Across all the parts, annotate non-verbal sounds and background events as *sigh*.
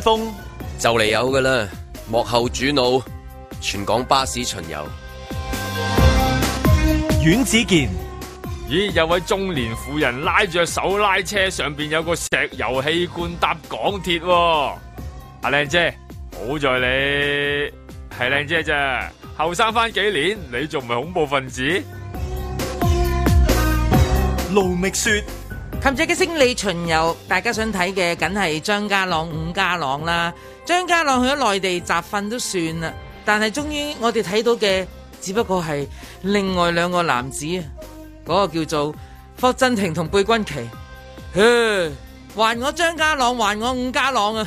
風就嚟有噶啦，幕後主腦，全港巴士巡遊。阮子健，咦，有位中年婦人拉住手拉車，上邊有個石油氣罐搭港鐵、啊。阿靚姐，好在你係靚姐啫，後生翻幾年，你仲唔係恐怖分子？盧覓雪。琴日嘅星理巡遊，大家想睇嘅梗係張家朗、伍家朗啦。張家朗去咗內地集訓都算啦，但係終於我哋睇到嘅只不過係另外兩個男子啊，嗰、那個叫做霍震霆同貝鈞奇。哼，還我張家朗，還我伍家朗啊！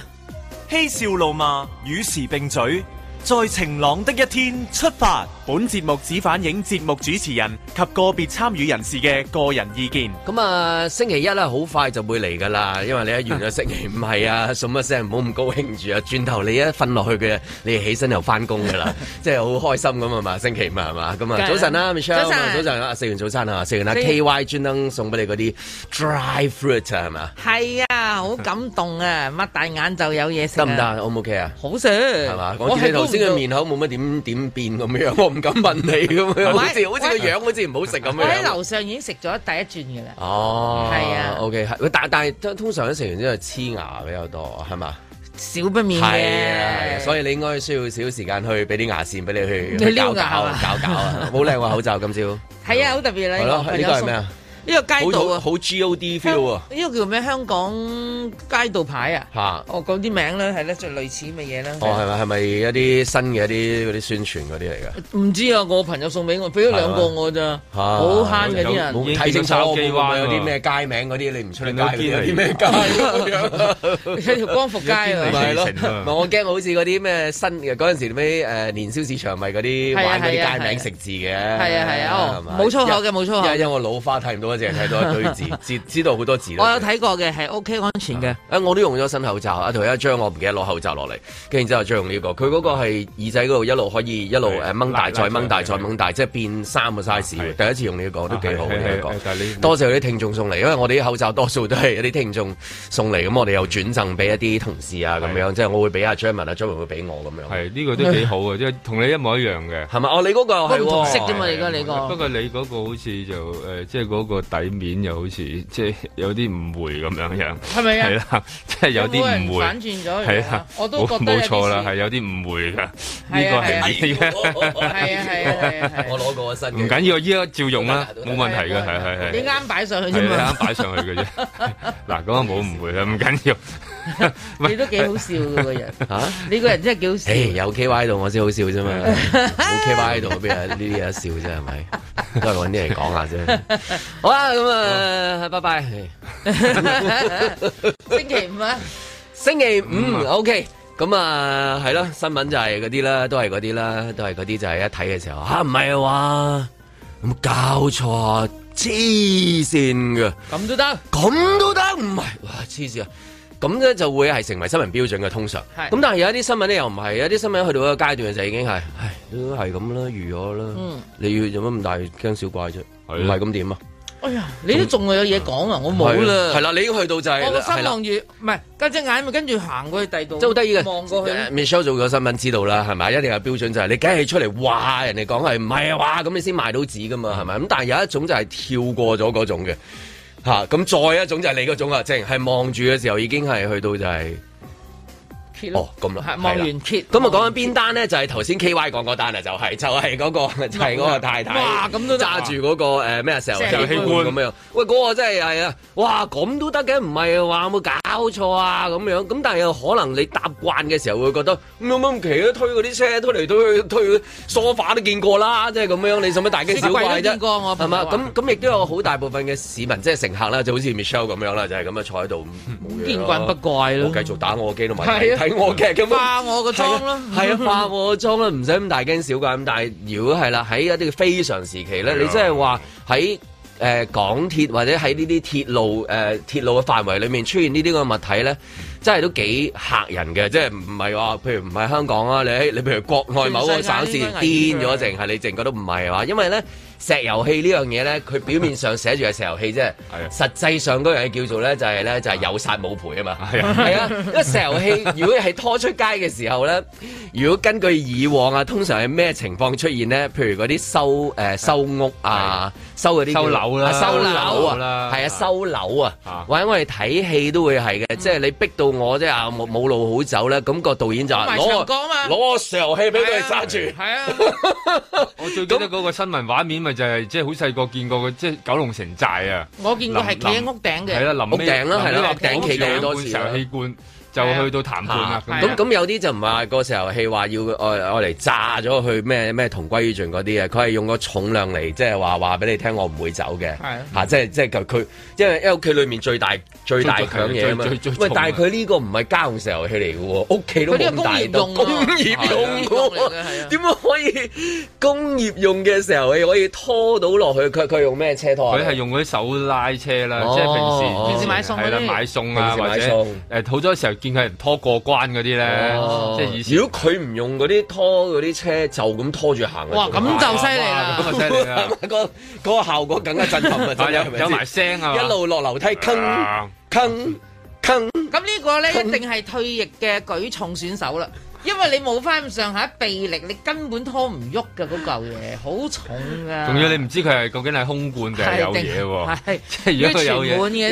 嬉笑怒罵，與時並嘴。在晴朗的一天出發，本節目只反映節目主持人及個別參與人士嘅個人意見。咁啊，星期一啦，好快就會嚟噶啦，因為你一完咗星期五係啊，送乜聲，唔好咁高興住啊，轉頭你一瞓落去嘅，你起身又翻工噶啦，即係好開心咁啊嘛，星期五係嘛，咁啊，早晨啦，Michelle，早晨啦，食完早餐啊，食完啦，KY 專登送俾你嗰啲 dry fruit 啊，係嘛，係啊，好感動啊，擘大眼就有嘢食，得唔得？O 唔 OK 啊？好食係嘛？我係都。即個面口冇乜點點變咁樣，我唔敢問你咁樣，好似 *laughs* 好似個樣好似唔好食咁樣。我喺樓上已經食咗第一轉嘅啦。哦，係啊。OK，係喎，但但係通常食完之後黐牙比較多，係嘛？少不免嘅。係啊，啊，所以你應該需要少時間去俾啲牙線俾你去搞搞搞啊！好靚喎口罩，今朝。係啊，好特別啦。呢個係咩啊？呢個呢、這個街道啊，好 G O D feel 啊！呢個叫咩？香港街道牌啊！吓、啊哦，哦講啲名咧，係咧、啊，就類似乜嘢咧？哦，係咪係咪一啲新嘅一啲嗰啲宣傳嗰啲嚟噶？唔知啊，我朋友送俾我，俾咗兩個我咋，好慳嘅啲人。睇、嗯、清楚基話有啲咩街名嗰啲、啊，你唔出嚟街見有啲咩街？條光復街啊， *laughs* 啊，我驚好似嗰啲咩新嗰陣時咩誒年宵市場咪嗰啲玩啲街名食字嘅？係啊係啊，冇粗口嘅冇粗口，因為我老花睇唔到。 *laughs* 多謝睇到一堆字，知道好多字。我有睇過嘅，係 OK 安全嘅。誒、啊，我都用咗新口罩。啊，同一張，我唔記得攞口罩落嚟。跟住之後再用呢、這個，佢嗰個係耳仔嗰度一路可以一路誒掹大再掹大再掹大，拔大拔大拔大拔大即係變三個 size。第一次用呢、這個都幾好、這個、一個你多謝啲聽眾送嚟，因為我哋啲口罩多數都係一啲聽眾送嚟。咁我哋又轉贈俾一啲同事 German，啊，咁樣即係我會俾阿張文，阿張文會俾我咁樣。係、這、呢個都幾好嘅，即係同你一模一樣嘅，係嘛？哦、啊，你嗰個係唔同色啫嘛，而家你個。不過你嗰個好似就誒，即係嗰個。底面又好似即係有啲誤會咁樣樣，係咪啊？係啦，即 *laughs* 係有啲誤會。反轉咗，係啊！我都冇錯啦，係有啲誤會㗎。呢、呢個係底面。係啊係啊，我攞過個新。唔緊要，依 *laughs* 家照用啦，冇問題嘅，係係、啊 *laughs* 啊、係。你啱擺上去啫，你啱擺上去嘅啫。嗱，咁啊冇誤會啦，唔緊要。你都幾好笑㗎個人，吓你個人真係幾好笑。有 K Y 度我先好笑啫嘛，冇 K Y 度邊啊呢啲嘢，有得笑啫係咪？都係搵啲嚟講下啫。好啦，咁啊，拜拜。星期五啊，星期五，O K。咁啊，係咯，新聞就係嗰啲啦，都係嗰啲啦，都係嗰啲就係一睇嘅時候，吓唔係啊？哇，咁搞錯，黐線㗎。咁都得，咁都得，唔係哇，黐線啊！咁咧就會係成為新聞標準嘅通常。咁但係有一啲新聞咧又唔係，有啲新聞去到一個階段就已經係，唉都係咁啦，如我啦、嗯。你要有乜咁大驚小怪啫？唔係咁點啊？哎呀，你都仲有嘢講啊！我冇啦。係啦，你已經去到就係、是。我新浪住，唔係隔隻眼咪跟住行過去第二度，即係好得意嘅。望過去。Michelle 做咗新聞知道啦，係咪？一定有標準就係你梗係出嚟嘩人哋講係唔係啊？嘩咁你先賣到紙㗎嘛，係咪？咁但係有一種就係跳過咗嗰種嘅。吓，啊，咁再一種就係你嗰種，即係係望住嘅時候已經係去到就係、是。哦，咁咯，望完揭，咁我講緊邊單咧？就係頭先 K Y 講嗰單啊，就係、嗰個、就係嗰個就係嗰個太太，哇咁都揸住嗰個誒咩時候器官咁樣。喂，嗰個真係係啊，哇咁都得嘅，唔係話有冇搞錯啊咁樣。咁但係又可能你搭慣嘅時候會覺得，咁咁奇都推嗰啲車，推嚟推去推去梳化都見過啦，即係咁樣你使乜大驚小怪啫？係嘛，咁咁亦都有好大部分嘅市民即係乘客啦，就好似 Michelle 咁樣啦，就係、係、咁樣坐喺度冇嘢見慣不怪咯，繼續打我機都埋。我嘅咁，化我個妝咯，係啊，化我個妝啦，唔使咁大驚小怪咁。但係如果係啦，喺一啲非常時期咧，你真係話喺誒港鐵或者喺呢啲鐵路誒鐵路嘅範圍裏面出現呢啲個物體咧，真係都幾嚇人嘅。即係唔係話，譬如唔係香港啊，你你譬如國外某個省市癲咗，淨係你淨覺得唔係啊，因為咧。石油氣呢樣嘢咧，佢表面上寫住係石油氣啫， *laughs* 實際上嗰樣嘢叫做咧就係咧就係有殺冇賠啊嘛，係 *laughs* 啊，因為石油氣如果係拖出街嘅時候咧，如果根據以往啊，通常係咩情況出現咧？譬如嗰啲收、呃、收屋啊，收嗰啲收樓啦、啊，收樓啊，係啊，啊，啊，啊，啊，收樓啊，或者我哋睇戲都會係嘅， *laughs* 即係你逼到我即係冇冇路好走咧，咁、嗰個導演就話攞個石油氣俾佢揸住，係啊，啊 *laughs* *laughs* 我最記得嗰個新聞畫面咪、就係、～就係即係好細個見過嘅，即係九龍城寨啊！我見過係企喺屋頂嘅，係啦，屋頂咯，係屋頂，旗頂,頂,頂,頂,頂,頂,頂多次。就去到談判啊！咁咁、啊啊、有啲就唔係話個石油氣話要愛愛嚟炸咗去咩咩同歸於盡嗰啲、就是、啊！佢係用個重量嚟即係話話俾你聽，我唔會走嘅。係即係即係佢佢因為因為屋企裏面最大最大強嘢喂、啊啊，但係佢呢個唔係家用石油氣嚟嘅喎，屋企都咁大工業用嘅、啊，點解、啊啊啊啊、可以工業用嘅石油氣可以拖到落去？佢佢用咩車拖佢、啊、係用嗰啲手拉車啦、哦，即係平時平時買餸係買餸啊買餸或者誒好咗嘅時候。見佢人拖過關嗰啲咧，即係如果佢唔用嗰啲拖嗰啲車，就咁拖住行嘩，咁就犀利啦，咁、哎、就犀利啦！嗰、 *laughs* 嗰個嗰個效果更加震撼啊！有 *laughs* 埋聲啊，一路落樓梯，坑坑坑，咁呢個咧一定係退役嘅舉重選手啦。因為你冇翻上下臂力，你根本拖唔喐噶嗰嚿嘢，好重噶。仲要你唔知佢係究竟係空罐定係有嘢喎、啊。係 *laughs* 如果佢有嘢，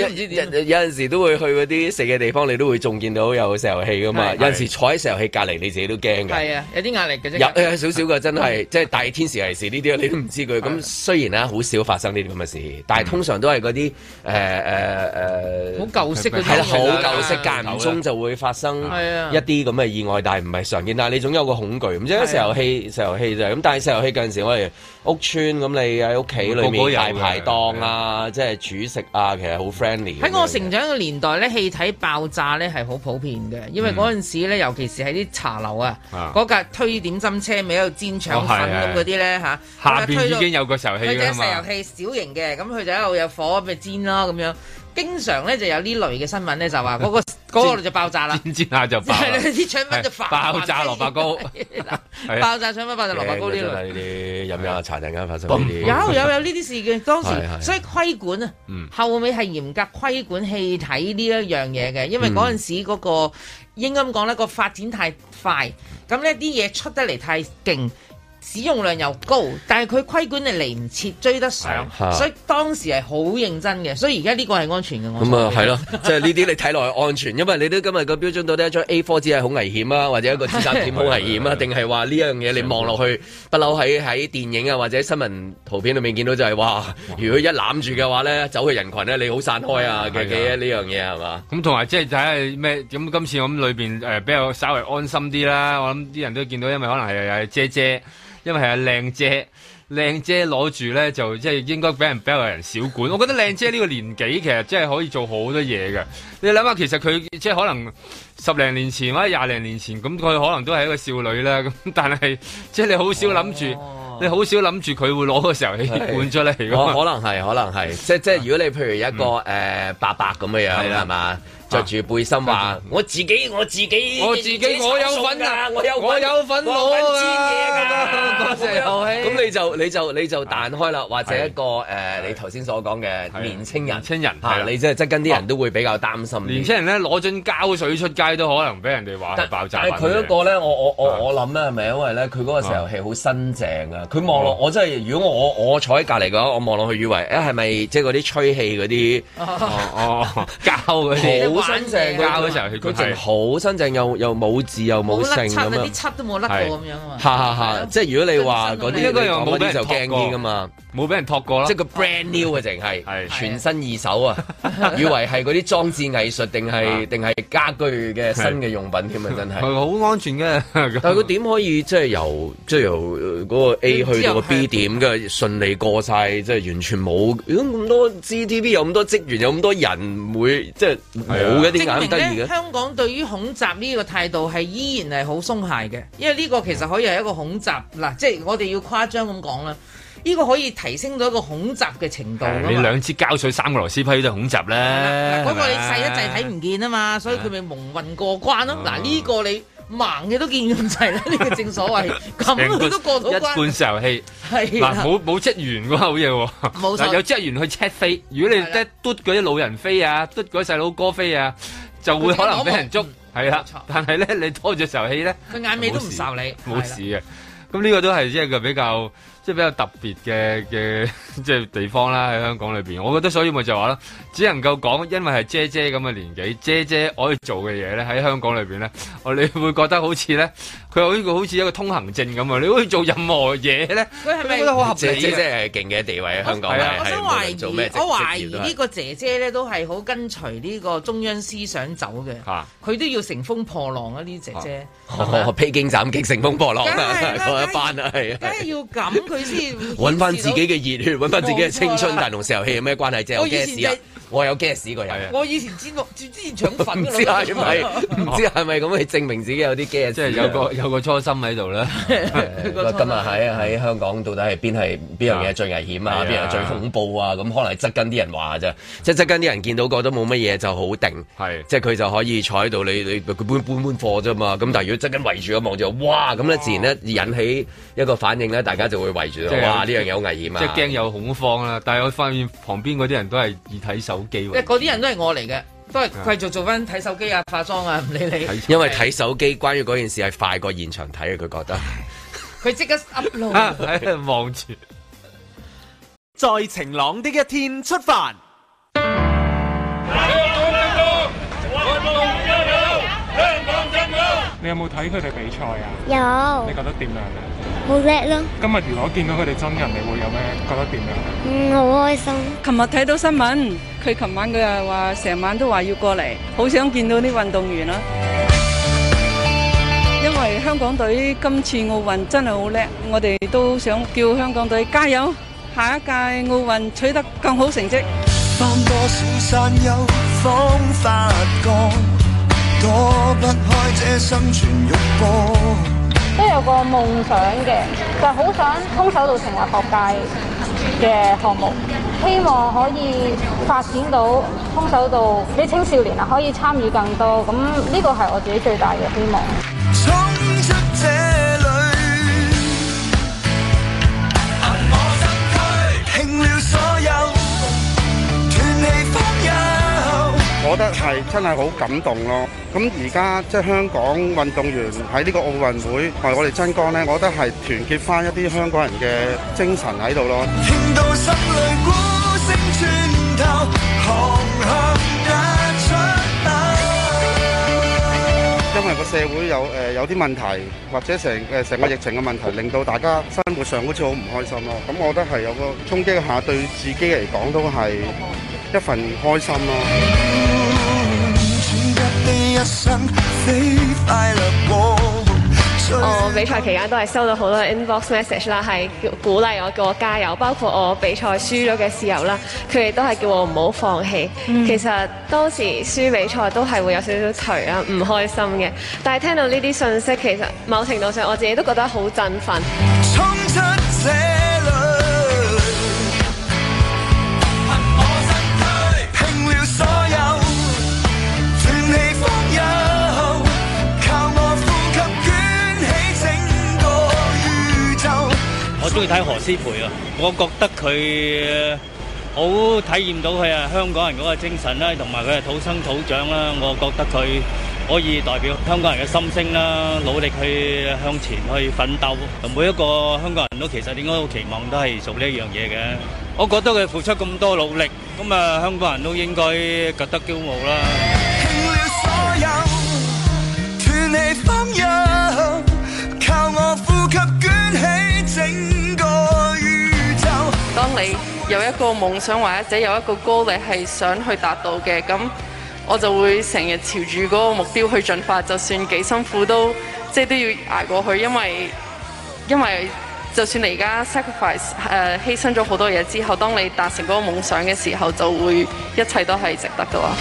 有陣時候都會去嗰啲細嘅地方，你都會仲見到有石油氣噶嘛。有陣時候坐喺石油氣隔離，你自己都驚㗎。係啊，有啲壓力嘅啫。有少少嘅真係，即 *laughs* 係大天時異事呢啲，你都唔知佢。咁雖然咧好少發生呢啲咁嘅事， *laughs* 但係通常都係嗰啲誒誒誒好舊式嗰啲，好舊式間中就會發生一啲咁嘅意外，是但係唔係常見，但你總有個恐懼，唔知啲石油氣、啊、石油氣就係咁。但係石油氣嗰陣時，我哋屋邨，咁，你喺屋企裏面大排檔啊，個個啊即係煮食啊，其實好 friendly。喺我成長嘅年代咧，嗯、氣體爆炸咧係好普遍嘅，因為嗰陣時咧，尤其是喺啲茶樓啊，嗰、啊、架推點心車咪喺度煎腸粉咁嗰啲咧嚇。下邊已經有個石油氣㗎嘛。石油氣小型嘅，咁佢就一路有火俾煎咯，咁樣。經常咧就有呢類嘅新聞咧，就話嗰、嗰個嗰、嗰個、就爆炸啦，天 *laughs* 之就爆，炸爆，炸蘿蔔糕，爆炸腸粉爆炸蘿蔔糕呢類，呢啲飲下茶突然間發生有有有呢啲事件， *laughs* 當時是是所以規管啊、嗯，後尾係嚴格規管氣體呢一樣嘢嘅，因為嗰陣時嗰、嗰個應、嗯、該咁講咧，個發展太快，咁呢啲嘢出得嚟太勁。使用量又高，但係佢規管你嚟唔切，追得上，啊，所以當時係好認真嘅。所以而家呢個係安全嘅。咁、嗯、啊，係咯，即係呢啲你睇落係安全， *laughs* 因為你都今日個標準到底一張 A4 紙係好危險啊，或者一個紙傘點好危險啊，定係話呢樣嘢你望落去不嬲喺喺電影啊或者新聞圖片裏面見到就係、是、哇，如果一攬住嘅話咧，走嘅人群咧你好散開啊嘅嘅呢樣嘢係嘛？咁同埋即係睇咩？咁、嗯、今次我諗裏面、呃、比較稍微安心啲啦。我諗啲人都見到，因為可能係姐姐。因為係阿靚姐，靚姐攞住咧就即係應該俾人俾人少管。我覺得靚姐呢個年紀其實即係可以做好多嘢嘅。你諗下，其實佢即係可能十零年前或者廿零年前咁，佢可能都係一個少女啦。咁但係即係你好少諗住、哦，你好少諗住佢會攞嗰時候去管咗你。如果可能係，可能係、嗯，即係即係，如果你譬如一個誒、嗯呃、伯伯咁嘅樣係啦，係嘛？着住背心話： *laughs* 我自己我自己我自己我有份啊！我有份我有份攞啊！咁 *laughs* 我有 *laughs* *laughs* 你就你就你就彈開啦、啊，或者一個誒、啊啊，你頭先所講嘅年青人，啊、年青人嚇、啊啊，你即係即跟啲人都會比較擔心、啊。年青人咧攞樽膠水出街都可能俾人哋話爆炸。但係佢嗰個咧、啊，我我我我諗咧係咪因為咧佢嗰個石油氣好新淨啊？佢望落我真係，如果我我坐喺隔籬嘅話，我望落佢以為誒係咪即係嗰啲吹氣嗰啲、啊 *laughs* 啊、哦哦膠嗰 *laughs* *laughs* 新淨交嗰陣，佢淨好新淨，又又冇字又冇剩咁樣。啲漆都冇甩過咁樣啊！係即係如果你話嗰啲冇啲就驚啲噶嘛，冇俾人託過咯。即係個 brand new 嘅淨係全新二手啊，以為係嗰啲裝置藝術定係定係家居嘅新嘅用品添啊！真係係好安全嘅， *laughs* 但係佢點可以即係由即係由嗰個 A 去到個 B 點嘅順利過晒，即係完全冇咁咁多 GDP 有咁多職員，有咁多人會即係證明咧，香港對於恐襲呢個態度係依然係好鬆懈嘅，因為呢個其實可以係一個恐襲嗱，即係我哋要誇張咁講啦，呢個可以提升到一個恐襲嘅程度。你兩支膠水、三個螺絲批都係恐襲啦。嗰個你細一制睇唔見啊嘛，所以佢咪蒙混過關咯。嗱呢個你。盲嘅都見咁滯啦，呢個正所謂，咁佢都過到關。一半石油氣係嗱。冇冇，職員嘅話好嘢喎。冇有職員去 check 飛，如果你即係嘟嗰啲老人飛啊，嘟嗰啲細佬哥飛啊，就會可能俾人捉。係啦，但係咧你拖住石油氣咧，佢眼尾都唔受你，冇事嘅。咁呢個都係一個比較。即係比較特別嘅嘅即係地方啦喺香港裏邊，我覺得所以咪就係話咯，只能夠講，因為係姐姐咁嘅年紀，姐姐可以做嘅嘢咧喺香港裏邊咧，我哋會覺得好似咧，佢有呢個好似一個通行證咁啊！你可以做任何嘢咧，佢係咪覺得好合理？姐姐係勁嘅地位喺香港，我，我，我想懷疑都我懷疑呢個姐姐咧都係好跟隨呢個中央思想走嘅，佢、啊、都要乘風破浪呢姐姐啊！呢姐姐披荊斬棘乘風破浪啊！嗰一班啊，係啊，梗係要咁。 *laughs* 揾翻自己嘅熱血，揾翻自己嘅青春，但同射遊戲有咩關係啫？我有嘅我有嘅人。我以前煎、就是、 *laughs* 我前、就是， *laughs* 我前之前腸粉。唔 *laughs* *laughs* 知係咪？咁去證明自己有啲嘅即係有個有個初心喺度啦。 *laughs* *laughs* 今日喺喺香港，到底係邊係邊樣嘢最危險啊？邊、yeah. 樣最恐怖啊？咁可能係側跟啲人話啫， *laughs* 即係側跟啲人見到覺得冇乜嘢就好定， *laughs* 即係佢就可以坐喺度，你你搬搬搬貨啫嘛。咁但係如果側跟圍住啊，望住哇咁自然引起一個反應咧，大家就會。即係哇！呢樣嘢好危險啊，即係驚有恐慌啦。但係我發現旁邊嗰啲人都係以睇手機，即係嗰啲人都係我嚟嘅，都係繼續做翻睇手機啊、化妝啊，唔理你。因為睇手機關於嗰件事係快過現場睇嘅，佢覺得。佢 *laughs* 即立刻 upload 喺度望住。看 *laughs* 在晴朗的一天出發。你有冇睇佢哋比賽啊？有。你覺得點樣啊？好叻咯！今日如果見到佢哋真人，你會有咩覺得點樣？嗯，好開心。琴日睇到新聞，佢琴晚佢又話成晚都話要過嚟，好想見到啲運動員啦。因為香港隊今次奧運真係好叻，我哋都想叫香港隊加油，下一屆奧運取得更好成績。翻多少山丘，方發覺。躲不開這生存欲過，都有個夢想嘅，就係好想空手道成為學界嘅項目，希望可以發展到空手道畀青少年啊可以參與更多，咁呢個係我自己最大嘅希望。我覺得係真係好感動咯。咁而家即係香港運動員喺呢個奧運會同我哋爭光呢，我覺得係團結翻一啲香港人嘅精神喺度咯。聽到心裏鼓聲穿透，航行日出大海。因為個社會有誒有啲問題，或者成誒成個疫情嘅問題，令到大家生活上好似好唔開心咯。咁我覺得係有個衝擊下，對自己嚟講都係一份開心咯，啊！哦，我比賽期間都係收到好多 inbox message 啦，係鼓勵我叫我加油，包括我比賽輸咗嘅時候啦，佢哋都係叫我唔好放棄。Mm. 其實當時輸比賽都係會有少少攰啊，唔開心嘅。但係聽到呢啲信息，其實某程度上我自己都覺得好振奮。嗯。中意睇何詩蓓啊！我覺得佢好體驗到佢啊香港人嗰個精神啦，同埋佢係土生土長啦。我覺得佢可以代表香港人嘅心聲啦，努力去向前去奮鬥。每一個香港人都其實點解好期望都係做呢一樣嘢嘅。我覺得佢付出咁多努力，咁啊香港人都應該覺得驕傲啦。有一個夢想或者有一個 goal 你係想去達到嘅，咁我就會成日朝住嗰個目標去進發，就算幾辛苦都即係都要捱過去，因為因為就算你而家 sacrifice 誒、呃、犧牲咗好多嘢之後，當你達成嗰個夢想嘅時候，就會一切都係值得噶。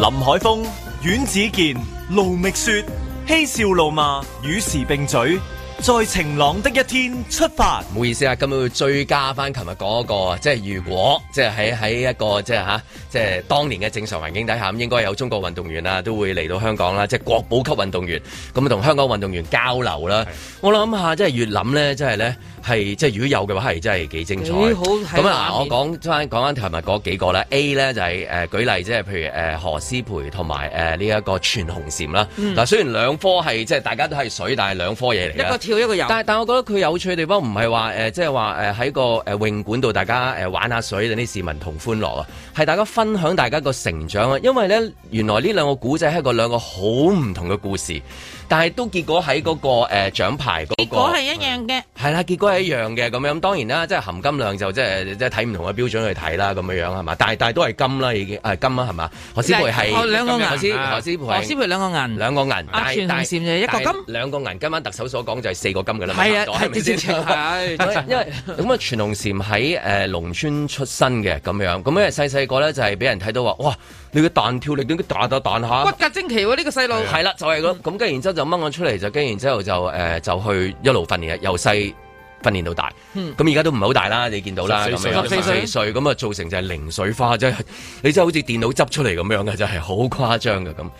林海峰、阮子健、盧覓雪，嬉笑怒罵，與時並嘴，在晴朗的一天出發。唔好意思啊！今日會追加翻，琴日嗰個，即係如果，即係喺喺一個，即係吓，即係當年嘅正常環境底下，應該有中國運動員啦，都會嚟到香港啦，即係國寶級運動員，咁同香港運動員交流啦。我諗下，即係越諗咧，即係咧。係即係如果有嘅話，係真係幾精彩。好咁啊、嗯，我講翻講翻題目嗰幾個啦 a 咧就係、是、誒、呃、舉例，即係譬如誒、呃、何詩蓓同埋誒呢一個全紅嬋啦。嗱、嗯，雖然兩科係即係大家都係水，但係兩科嘢嚟嘅。一個跳一個游。但但我覺得佢有趣地方唔係話誒即係話誒喺個誒泳館度大家誒玩下水，令啲市民同歡樂啊。係大家分享大家個成長啊，因為咧原來呢兩個古仔係個兩個好唔同嘅故事。但係都結果喺嗰、那個誒獎、呃、牌嗰、那個，結果係一樣嘅。係啦，結果係一樣嘅咁樣。當然啦，即係含金量就即係即係睇唔同嘅標準去睇啦。咁樣樣係嘛？但係但都係金啦已經，係金啦係嘛？何詩蓓係兩個銀，何詩蓓何詩蓓兩個銀，兩個銀、啊。啊，啊全紅嬋嘅一個金，兩個銀。今晚特首所講就係四個金嘅啦，係啊，係咪先？係、啊啊、 *laughs* 因為咁啊，全紅嬋喺誒農村出身嘅咁樣。咁因為細細個咧就係俾人睇到話，哇！你個彈跳力都打得彈吓，骨骼精奇喎、啊！呢、這個細路係啦，就係咁咁，跟、嗯、然之後就掹我出嚟，就跟然之後就誒、呃，就去一路訓練，由細訓練到大。咁而家都唔係好大啦，你見到啦，四歲咁啊，就造成就係零水花，即、就、係、是、你真係好似電腦執出嚟咁樣嘅，就係好誇張㗎咁。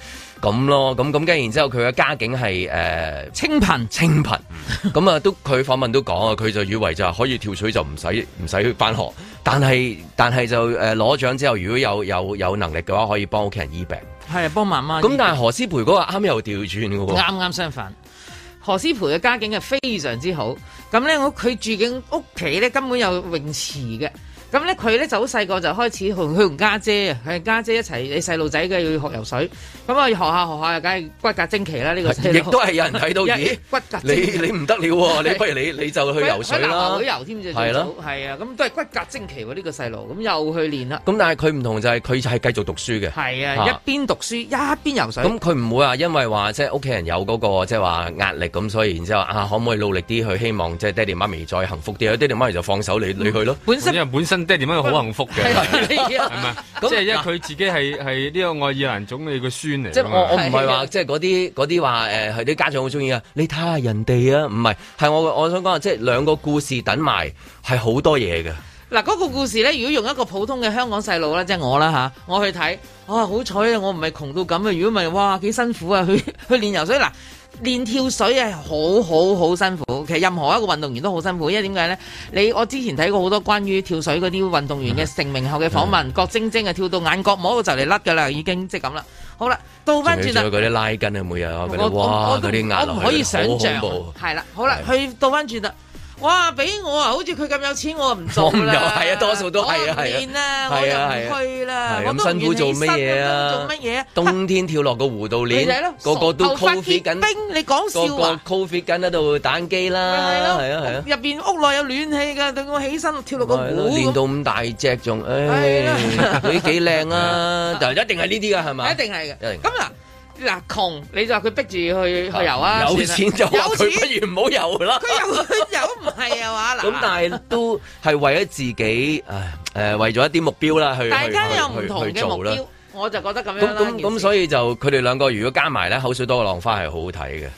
咁咯，咁咁跟然之後佢嘅家境係誒清貧清貧，咁啊 *laughs* 都佢訪問都講啊，佢就以為就可以跳水就唔使唔使去返學，但係但係就誒攞獎之後，如果有有有能力嘅話，可以幫屋企人醫病，係幫媽媽。咁但係何詩蓓嗰個啱又調轉喎，啱啱相反。何詩蓓嘅家境係非常之好，咁咧我佢住緊屋企咧根本有泳池嘅。咁咧佢咧就好細個就開始同佢同家姐啊，佢家姐一齊。你細路仔嘅要學游水，咁啊學下學下梗係骨骼精奇啦。呢個亦都係有人睇到咦？骨骼你你唔得了喎！你不如你你就去游水啦。游泳添啫，係咯，係啊，咁都係骨骼精奇喎呢個細路。咁又去練啦。咁但係佢唔同就係佢就係繼續讀書嘅。係啊，一邊讀書一邊游水。咁佢唔會話因為話即係屋企人有嗰個即係話壓力，咁所以然之後啊，可唔可以努力啲去希望即係爹哋媽咪再幸福啲？有爹哋媽咪就放手你你去咯。本身本身。爹哋媽咪好幸福嘅，係咪？即係因為佢自己係係呢個愛爾蘭總理個孫嚟。即係我我唔係話，即係嗰啲啲話誒，係啲、呃、家長好中意啊！你睇下人哋啊，唔係係我我想講，即係兩個故事等埋係好多嘢嘅。嗱、啊，嗰、那個故事咧，如果用一個普通嘅香港細路啦，即係我啦吓、啊，我去睇，啊好彩啊，我唔係窮到咁啊，如果唔係，哇幾辛苦啊，去去練游水，嗱、啊、練跳水係好好好辛苦。其實任何一個運動員都好辛苦，因為點解咧？你我之前睇過好多關於跳水嗰啲運動員嘅成名後嘅訪問，郭晶晶啊跳到眼角膜就嚟甩噶啦，已經即係咁啦。好啦，倒翻轉啦。仲要嗰啲拉筋啊，每日我覺得哇，嗰啲眼唔可以想象，係啦。好啦，去倒翻轉啦。哇！俾我啊，好似佢咁有錢，我唔做我有，係啊，多數都係啊，係啊。入邊係我入唔去啦。咁辛苦做咩嘢啊？冬天跳落個湖度練，個、啊、個都 cold fit 緊。冰，你講笑啊？cold fit 緊喺度打機啦，係啊係啊。入邊、啊啊啊啊啊、屋內有暖氣㗎，我起身跳落個湖，啊啊啊、 *laughs* 練到咁大隻仲唉，幾靚、哎、 *laughs* 啊、啊！就一定係呢啲㗎係咪？一定係嘅。咁嗱、啊。嗱，窮你就話佢逼住去、啊、去游啊，有錢就話佢不如唔好游啦。佢 *laughs* 游佢游唔係啊話嗱咁 *laughs* 但係都係為咗自己，唉，誒，為咗一啲目標啦去。大家有唔同嘅目標去做，我就覺得咁樣咁咁所以就佢哋兩個如果加埋咧，口水多過浪花係好好睇嘅。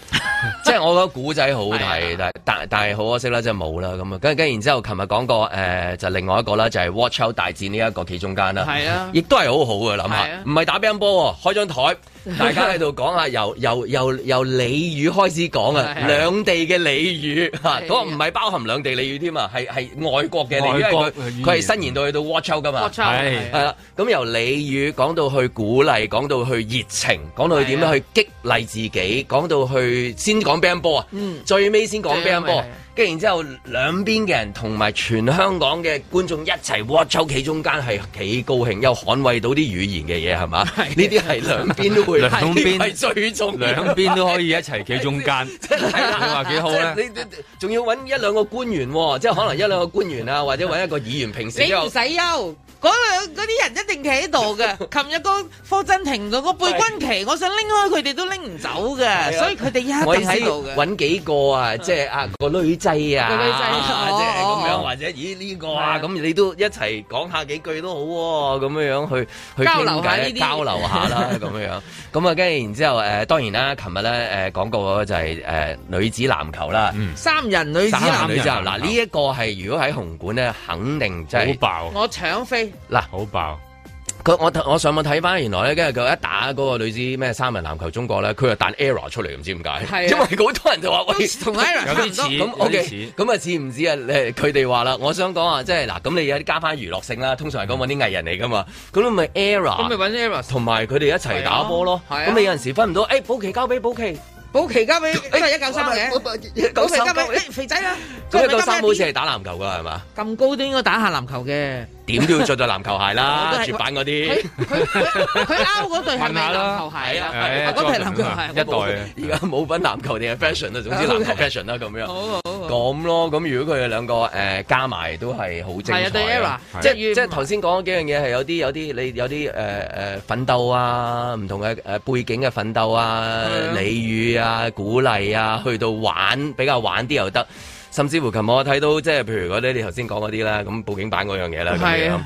*laughs* 即係我覺得古仔好好睇、 *laughs* 啊，但但但係好可惜啦，即係冇啦咁啊。跟跟然之後過，琴日講過誒就另外一個啦，就係、是、Watch Out 大戰呢一個其中間啦，係啊，亦都係好好嘅諗下，唔係、啊、打乒乓波開張台。 *laughs* 大家喺度講下，由由由由俚語開始講啊，兩地嘅俚語吓，嗰個唔係包含兩地俚語添啊，係係外國嘅俚語，佢係伸延到去到 Watch Out 噶嘛，係係啦，咁由俚語講到去鼓勵，講到去熱情，講到去點樣去激勵自己，講到去先講 Band 波啊，最尾先講 Band 波然之後兩邊嘅人同埋全香港嘅觀眾一齊握手企中間，係幾高興，又捍衛到啲語言嘅嘢，係嘛？呢啲係兩邊都會， *laughs* 兩邊係最重要，兩都可以一齊企中間。 *laughs* 你話幾好咧？你仲要揾一兩個官員， *laughs* 即係可能一兩個官員啊，或者一個議員， *laughs* 平時又唔使休嗰兩嗰啲人一定企喺度嘅。琴日個霍震廷個個背軍旗，我想拎開佢哋都拎唔走嘅，所以佢哋一定喺度嘅。揾幾個啊，即係啊個女仔。係啊，即係咁樣，或者咦呢、這個啊，咁、啊、你都一齊講下幾句都好，咁樣樣去去交流下呢啲交流下啦，咁樣 *laughs* 樣。咁啊，跟住然之後誒，當然啦，琴日咧誒講過就係、是、誒、呃、女子籃球啦、嗯，三人女子籃球。嗱呢一個係如果喺紅館咧，肯定真、就、係、是啊。我搶飛嗱，好爆、啊。佢我我上網睇翻，原來咧，跟住佢一打嗰個女子咩三人籃球中國咧，佢就彈 error 出嚟，唔知點解、係啊。因為好多人就話，喂，同 error 有啲似。咁 OK，咁啊似唔似啊？誒，佢哋話啦，我想講啊，即係嗱，咁你有啲加翻娛樂性啦。通常係講搵啲藝人嚟噶嘛，咁咪 error, ERROR?。咁咪搵啲 error，同埋佢哋一齊打波咯。咁你有陣時分唔到，誒、哎，保期交俾保期，保期交俾誒一九三嘅，保期交俾誒、哎哎哎、肥仔啊。咁一九三好似係打籃球噶係嘛？咁高都應該打下籃球嘅。點都要着對籃球鞋啦， *laughs* 絕版嗰啲。佢佢佢拗嗰對係咪籃球鞋啊？嗰 *laughs* *laughs* 對，對，對，對籃球鞋，一代。而家冇分籃球定係 fashion 啦，總之籃球 fashion 啦咁樣。好 *laughs* 好好。咁咯，咁如果佢哋兩個、呃、加埋都係好正。係啊，對 error，即係即係頭先講嗰幾樣嘢係有啲有啲你有啲誒誒奮鬥啊，唔同嘅誒、呃、背景嘅奮鬥啊，啓、啊、語啊，鼓勵啊，去到玩比較玩啲又得。甚至乎琴日我睇到，即係譬如嗰啲你頭先講嗰啲啦，咁布景板嗰樣嘢啦，咁樣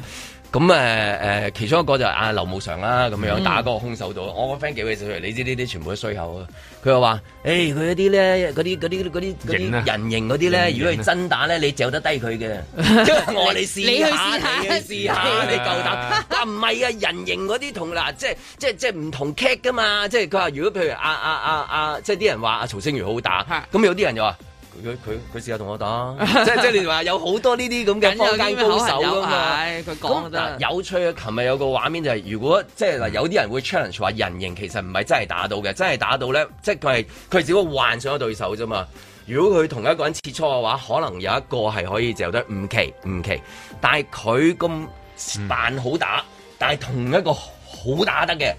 咁誒其中一個就係阿劉無常啦，咁樣打嗰個空手道，嗯、我個 friend 幾位佢，你知呢啲全部都衰口。欸、啊！佢又話，誒，佢嗰啲咧，嗰啲嗰啲嗰啲嗰啲人形嗰啲咧，如果係真打咧，你掟得低佢嘅， *laughs* 我哋試下，你去試下， *laughs* 你試下你夠膽。唔係啊，人形嗰啲同嗱，即係即係即係唔同劇噶嘛，即係佢話如果譬如阿阿阿阿，即係啲人話阿曹星如好好打，咁、啊、有啲人又話。佢佢佢試下同我打， *laughs* 即即係你話有好多呢啲咁嘅坊間高手噶嘛，佢講得有趣啊！琴日有個畫面就係、是，如果即係嗱、嗯，有啲人會 challenge 話人形其實唔係真係打到嘅，真係打到咧，即係佢係佢只不過幻想嘅對手啫嘛。如果佢同一個人切磋嘅話，可能有一個係可以就得唔奇唔奇，但係佢咁扮好打，但係同一個好打得嘅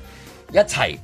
一齊。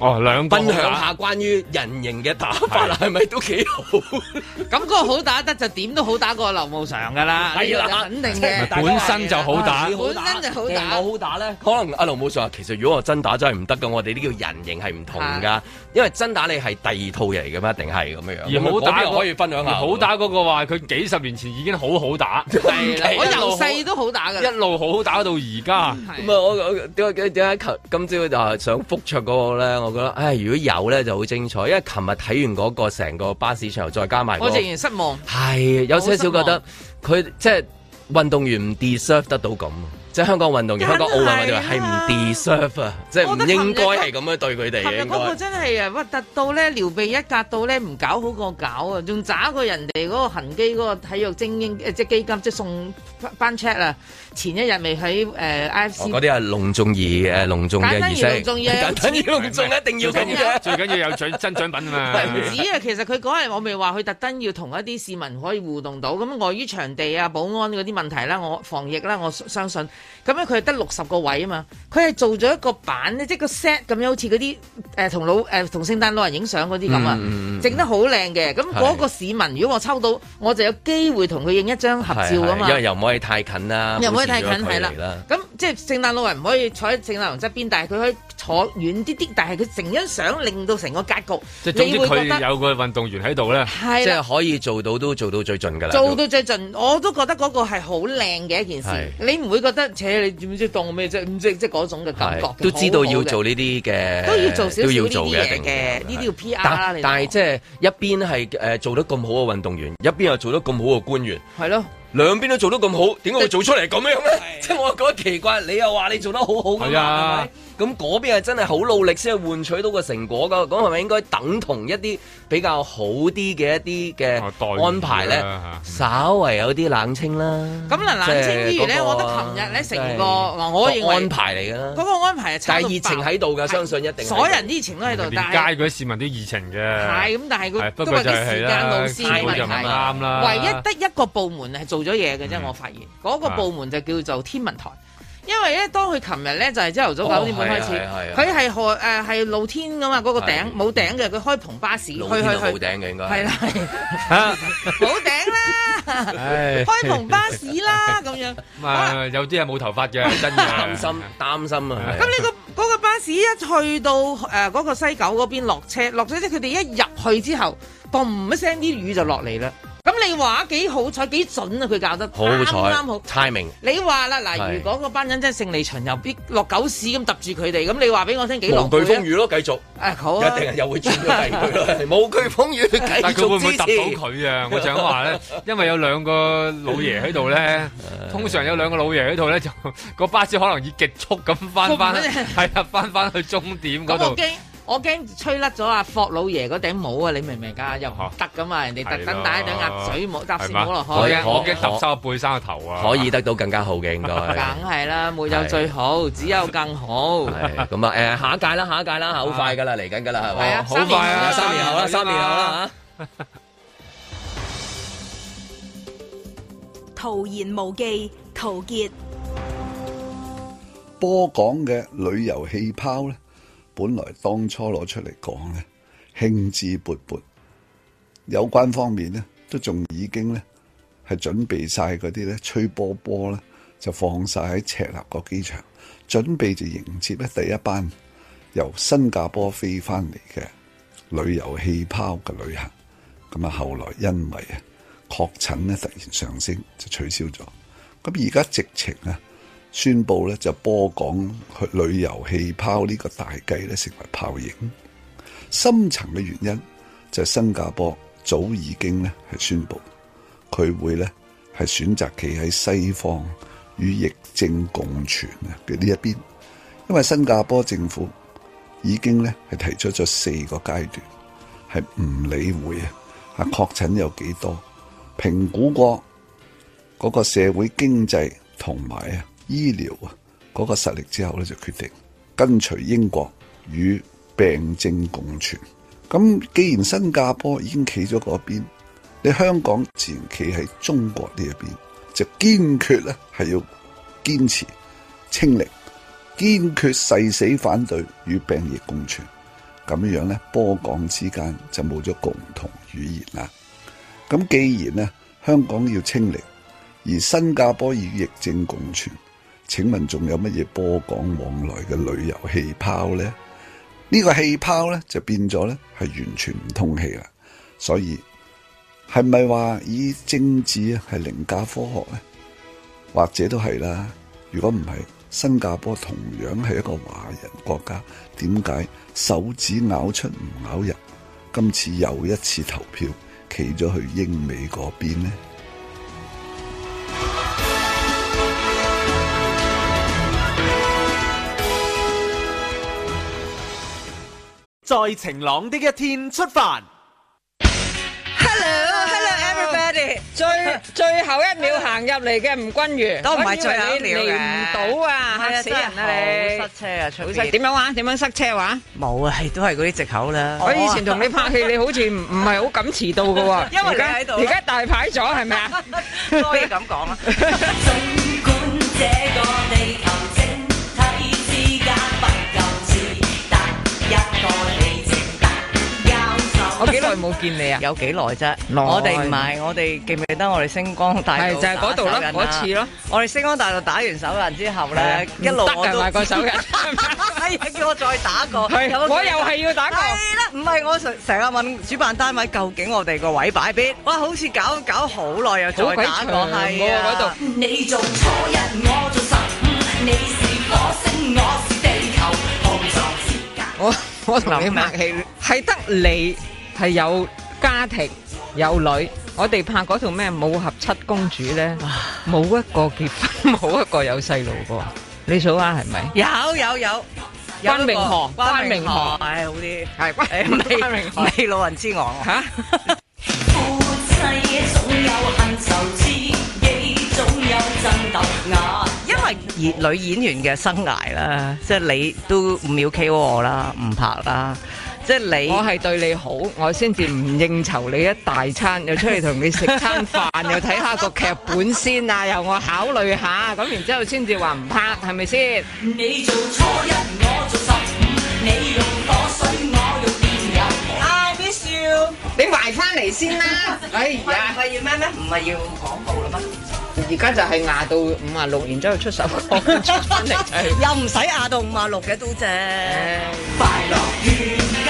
哦，兩分享下關於人形嘅打法，係咪都幾好？咁 *laughs* 個好打得就點都好打過劉武常噶啦，係啦，肯定嘅、啊，本身就好打，本身就好打，我好打咧。可能阿劉武常話：其實如果我真打真係唔得嘅，我哋呢叫人形係唔同㗎，因為真打你係第二套嘢嚟嘅嘛，一定係咁樣樣。而好打可以分享下，好打嗰個話佢幾十年前已經好好打，我由細都好打嘅，一路好好打到而家。咁、嗯、啊，我點解點解今朝就係想復卓嗰個咧？我覺得，唉，如果有咧就好精彩，因為琴日睇完嗰個成個巴士場，再加埋、那個、我直然失望，係有些少覺得佢即係運動員唔 deserve 得到咁。即係香港運動員、香港奧運員，話係唔 deserve 啊！即係唔應該係咁樣對佢哋嘅。應該嗰個真係啊核突到咧，撩鼻一格到咧，唔搞好過搞啊，仲渣過人哋嗰個恆基嗰個體育精英即係基金即係送班 check 啊！前一日咪喺誒 IFC 嗰啲係隆重儀誒隆重嘅儀式，隆重嘅，隆重，隆重，隆重是是一定要咁嘅，最緊要， *laughs* 要有獎真獎品啊嘛！唔止啊，其實佢嗰日我未話佢特登要同一啲市民可以互動到。咁礙於場地啊、保安嗰啲問題啦，我防疫啦，我相信。咁佢係得六十個位啊嘛，佢係做咗一個板咧，即個 set 咁樣，好似嗰啲誒同老誒同聖誕老人影相嗰啲咁啊，整、嗯、得好靚嘅。咁嗰個市民如果我抽到，我就有機會同佢影一張合照啊嘛。因為又唔可以太近啦，又唔可以太近係啦。咁即係聖誕老人唔可以坐喺聖誕老人側邊，但係佢可以。坐遠啲啲，但係佢成日想令到成個格局。即係總之佢有個運動員喺度咧，即係可以做到都做到最盡噶啦。做到最盡，我都覺得嗰個係好靚嘅一件事。你唔會覺得，扯你知唔知當咩啫？唔知即係嗰種嘅感覺。都知道要做呢啲嘅，都要做少少呢啲嘢嘅，呢啲要 PR 嚟。但係即係一邊係誒做得咁好嘅運動員，一邊又做得咁好嘅官員，係咯，兩邊都做得咁好，點解會做出嚟咁樣咧？即係我覺得奇怪，你又話你做得好好㗎嘛？咁嗰邊係真係好努力先係換取到個成果噶，咁係咪應該等同一啲比較好啲嘅一啲嘅安排咧、啊？稍為有啲冷清啦。咁、嗯、嗱、嗯嗯，冷清之餘咧、就是那個，我覺得琴日咧成個、就是、我可以安排嚟噶。嗰個安排係，那個、排但係熱情喺度嘅，相信一定。所有人熱情都喺度，連街嗰啲市民啲熱情嘅。係咁，但係個不過啲時間路線問題，唯一得一個部門係做咗嘢嘅啫。我發現嗰、那個部門就叫做天文台。因為咧，當佢琴日咧就係朝頭早九點半開始，佢係河誒係露天㗎嘛。嗰、那個頂冇、啊、頂嘅，佢開篷巴士去去去，係啦、啊，冇 *laughs* *laughs* 頂啦，開篷巴士啦咁樣。啊、嗯，有啲係冇頭髮嘅，真嘅。 *laughs* 擔心擔心啊！咁、啊、你、那個嗰、那個、巴士一去到誒嗰、呃那個西九嗰邊落車，落咗車之後佢哋一入去之後，嘣一聲啲雨就落嚟啦。咁你話幾好彩，幾準啊！佢教得好啱好，timing。你話啦，嗱，如果個班人真係勝利巡遊，又必落狗屎咁揼住佢哋，咁你話俾我聽幾狼狽風雨咯，繼續。誒、啊，好啊，一定又會轉到第二句。冇巨 *laughs* 風雨，繼續。但佢會唔會揼到佢啊？ *laughs* 我就想話咧，因為有兩個老爺喺度咧， *laughs* 通常有兩個老爺喺度咧，就個巴士可能以極速咁翻翻，係 *laughs* 啊，翻翻去終點嗰度。 *laughs* 我驚吹甩咗阿霍老爺嗰頂帽啊！你明唔明噶？又唔得噶嘛！人哋特登戴一頂鴨嘴帽，鴨舌帽落去，我驚揼傷個背，傷個頭啊！可以得到更加好嘅，應該梗係啦，冇有最好，只有更好。咁啊，誒，下一屆啦，下一屆啦，好快噶啦，嚟緊噶啦，係咪？好快啊！三年後啦，三年後啦，陶然無忌，陶傑，播講嘅旅遊氣泡咧。本來當初攞出嚟講咧，興致勃勃，有關方面咧都仲已經咧係準備晒嗰啲咧吹波波咧，就放晒喺赤鱲角機場，準備就迎接咧第一班由新加坡飛翻嚟嘅旅遊氣泡嘅旅行。咁啊，後來因為啊確診咧突然上升，就取消咗。咁而家直情啊！宣布咧就播講去旅遊氣泡呢個大計咧，成為泡影。深層嘅原因就係新加坡早已經咧係宣布佢會咧係選擇企喺西方與疫症共存嘅呢一邊，因為新加坡政府已經咧係提出咗四個階段係唔理會啊，啊確診有幾多，評估過嗰個社會經濟同埋啊。醫療啊嗰個實力之後咧，就決定跟隨英國與病症共存。咁既然新加坡已經企咗嗰邊，你香港自然企喺中國呢一邊，就堅決咧係要堅持清零，堅決誓死反對與病疫共存。咁樣樣咧，波港之間就冇咗共同語言啦。咁既然呢，香港要清零，而新加坡與疫症共存。請問仲有乜嘢坡港往來嘅旅遊氣泡呢？呢、這個氣泡呢，就變咗呢，係完全唔通氣啦。所以係咪話以政治係凌駕科學呢？或者都係啦。如果唔係，新加坡同樣係一個華人國家，點解手指拗出唔拗入？今次又一次投票，企咗去英美嗰邊呢。在晴朗的一天出發。Hello，Hello，everybody。最最後一秒行入嚟嘅吳君如，都唔係最後一秒嘅。嚟唔到啊！嚇死人啊你！塞車啊出面。點樣啊？點樣塞車啊？冇啊，都係嗰啲藉口啦。我以前同你拍戲，你好似唔唔係好敢遲到嘅喎。因為你喺度。而家大牌咗係咪啊？可以咁講啊。我幾耐冇見你啊？有幾耐啫？我哋唔係，我哋記唔記得我哋星光大道？係就係嗰度啦，嗰次咯。我哋星光大道打完手印之後咧，一路我都打個手印。係叫我再打過，我又係要打過。唔係我成成日問主辦單位究竟我哋個位擺邊？哇！好似搞搞好耐又再打過係啊！你做初一，我做十五，你是火星，我是地球，碰撞！我我同你默契係得你。係有家庭有女，我哋拍嗰套咩《武俠七公主》咧，冇一個結婚，冇一個有細路個。你數下係咪？有有有，關明航，關明航，係好啲，係關明，關明，未老人之王吓。因為女演員嘅生涯啦，即係你都唔要 K O 我啦，唔拍啦。即係你，我係對你好，我先至唔應酬你一大餐，又出嚟同你食餐飯， *laughs* 又睇下個劇本先啊，又我考慮一下，咁然之後先至話唔拍，係咪先？你做初一，我做十五，你用火水，我用電油。I miss you。你埋翻嚟先啦，啊。 *laughs* 哎呀，咪要咩咩？唔係要廣告嘞咩？而家就係壓到五啊六，然之後出首歌嚟。 *laughs* *laughs* 又唔使壓到五啊六嘅都正。快樂圈。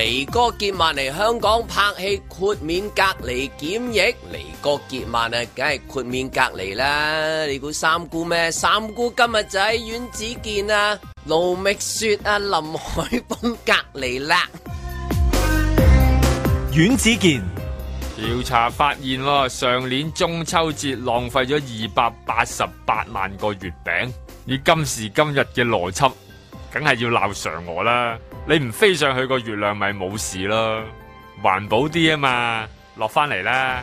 尼哥杰曼嚟香港拍戲，豁免隔離檢疫，尼哥杰曼啊，梗係豁免隔離啦！你估三姑咩？三姑今日就喺阮子健啊、盧覓雪啊、林海峰隔離啦。阮子健調查發現囉，上年中秋節浪費咗二百八十八萬個月餅，以今時今日嘅邏輯。梗係要鬧嫦娥啦！你唔飛上去個月亮咪冇事咯，環保啲啊嘛，落翻嚟啦。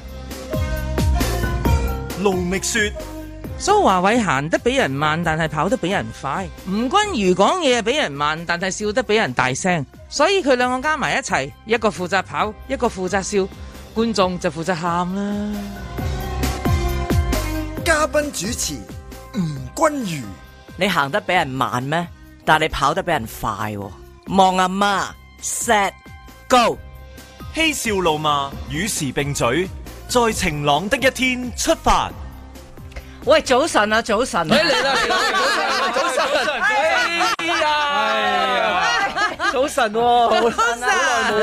盧覓雪，蘇華偉行得比人慢，但係跑得比人快；吳君如講嘢比人慢，但係笑得比人大聲。所以佢兩個加埋一齊，一個負責跑，一個負責笑，觀眾就負責喊啦。嘉賓主持吳君如，你行得比人慢咩？但你跑得比人快，哦，望阿媽，set go，嬉笑怒罵與時並嘴，在晴朗的一天出發。喂，早晨啊，早晨、啊。哎， *laughs* 嚟啦， *laughs* 早，晨 *laughs* 早晨，早晨， *laughs* 哎呀 *laughs* 哎早晨，好耐冇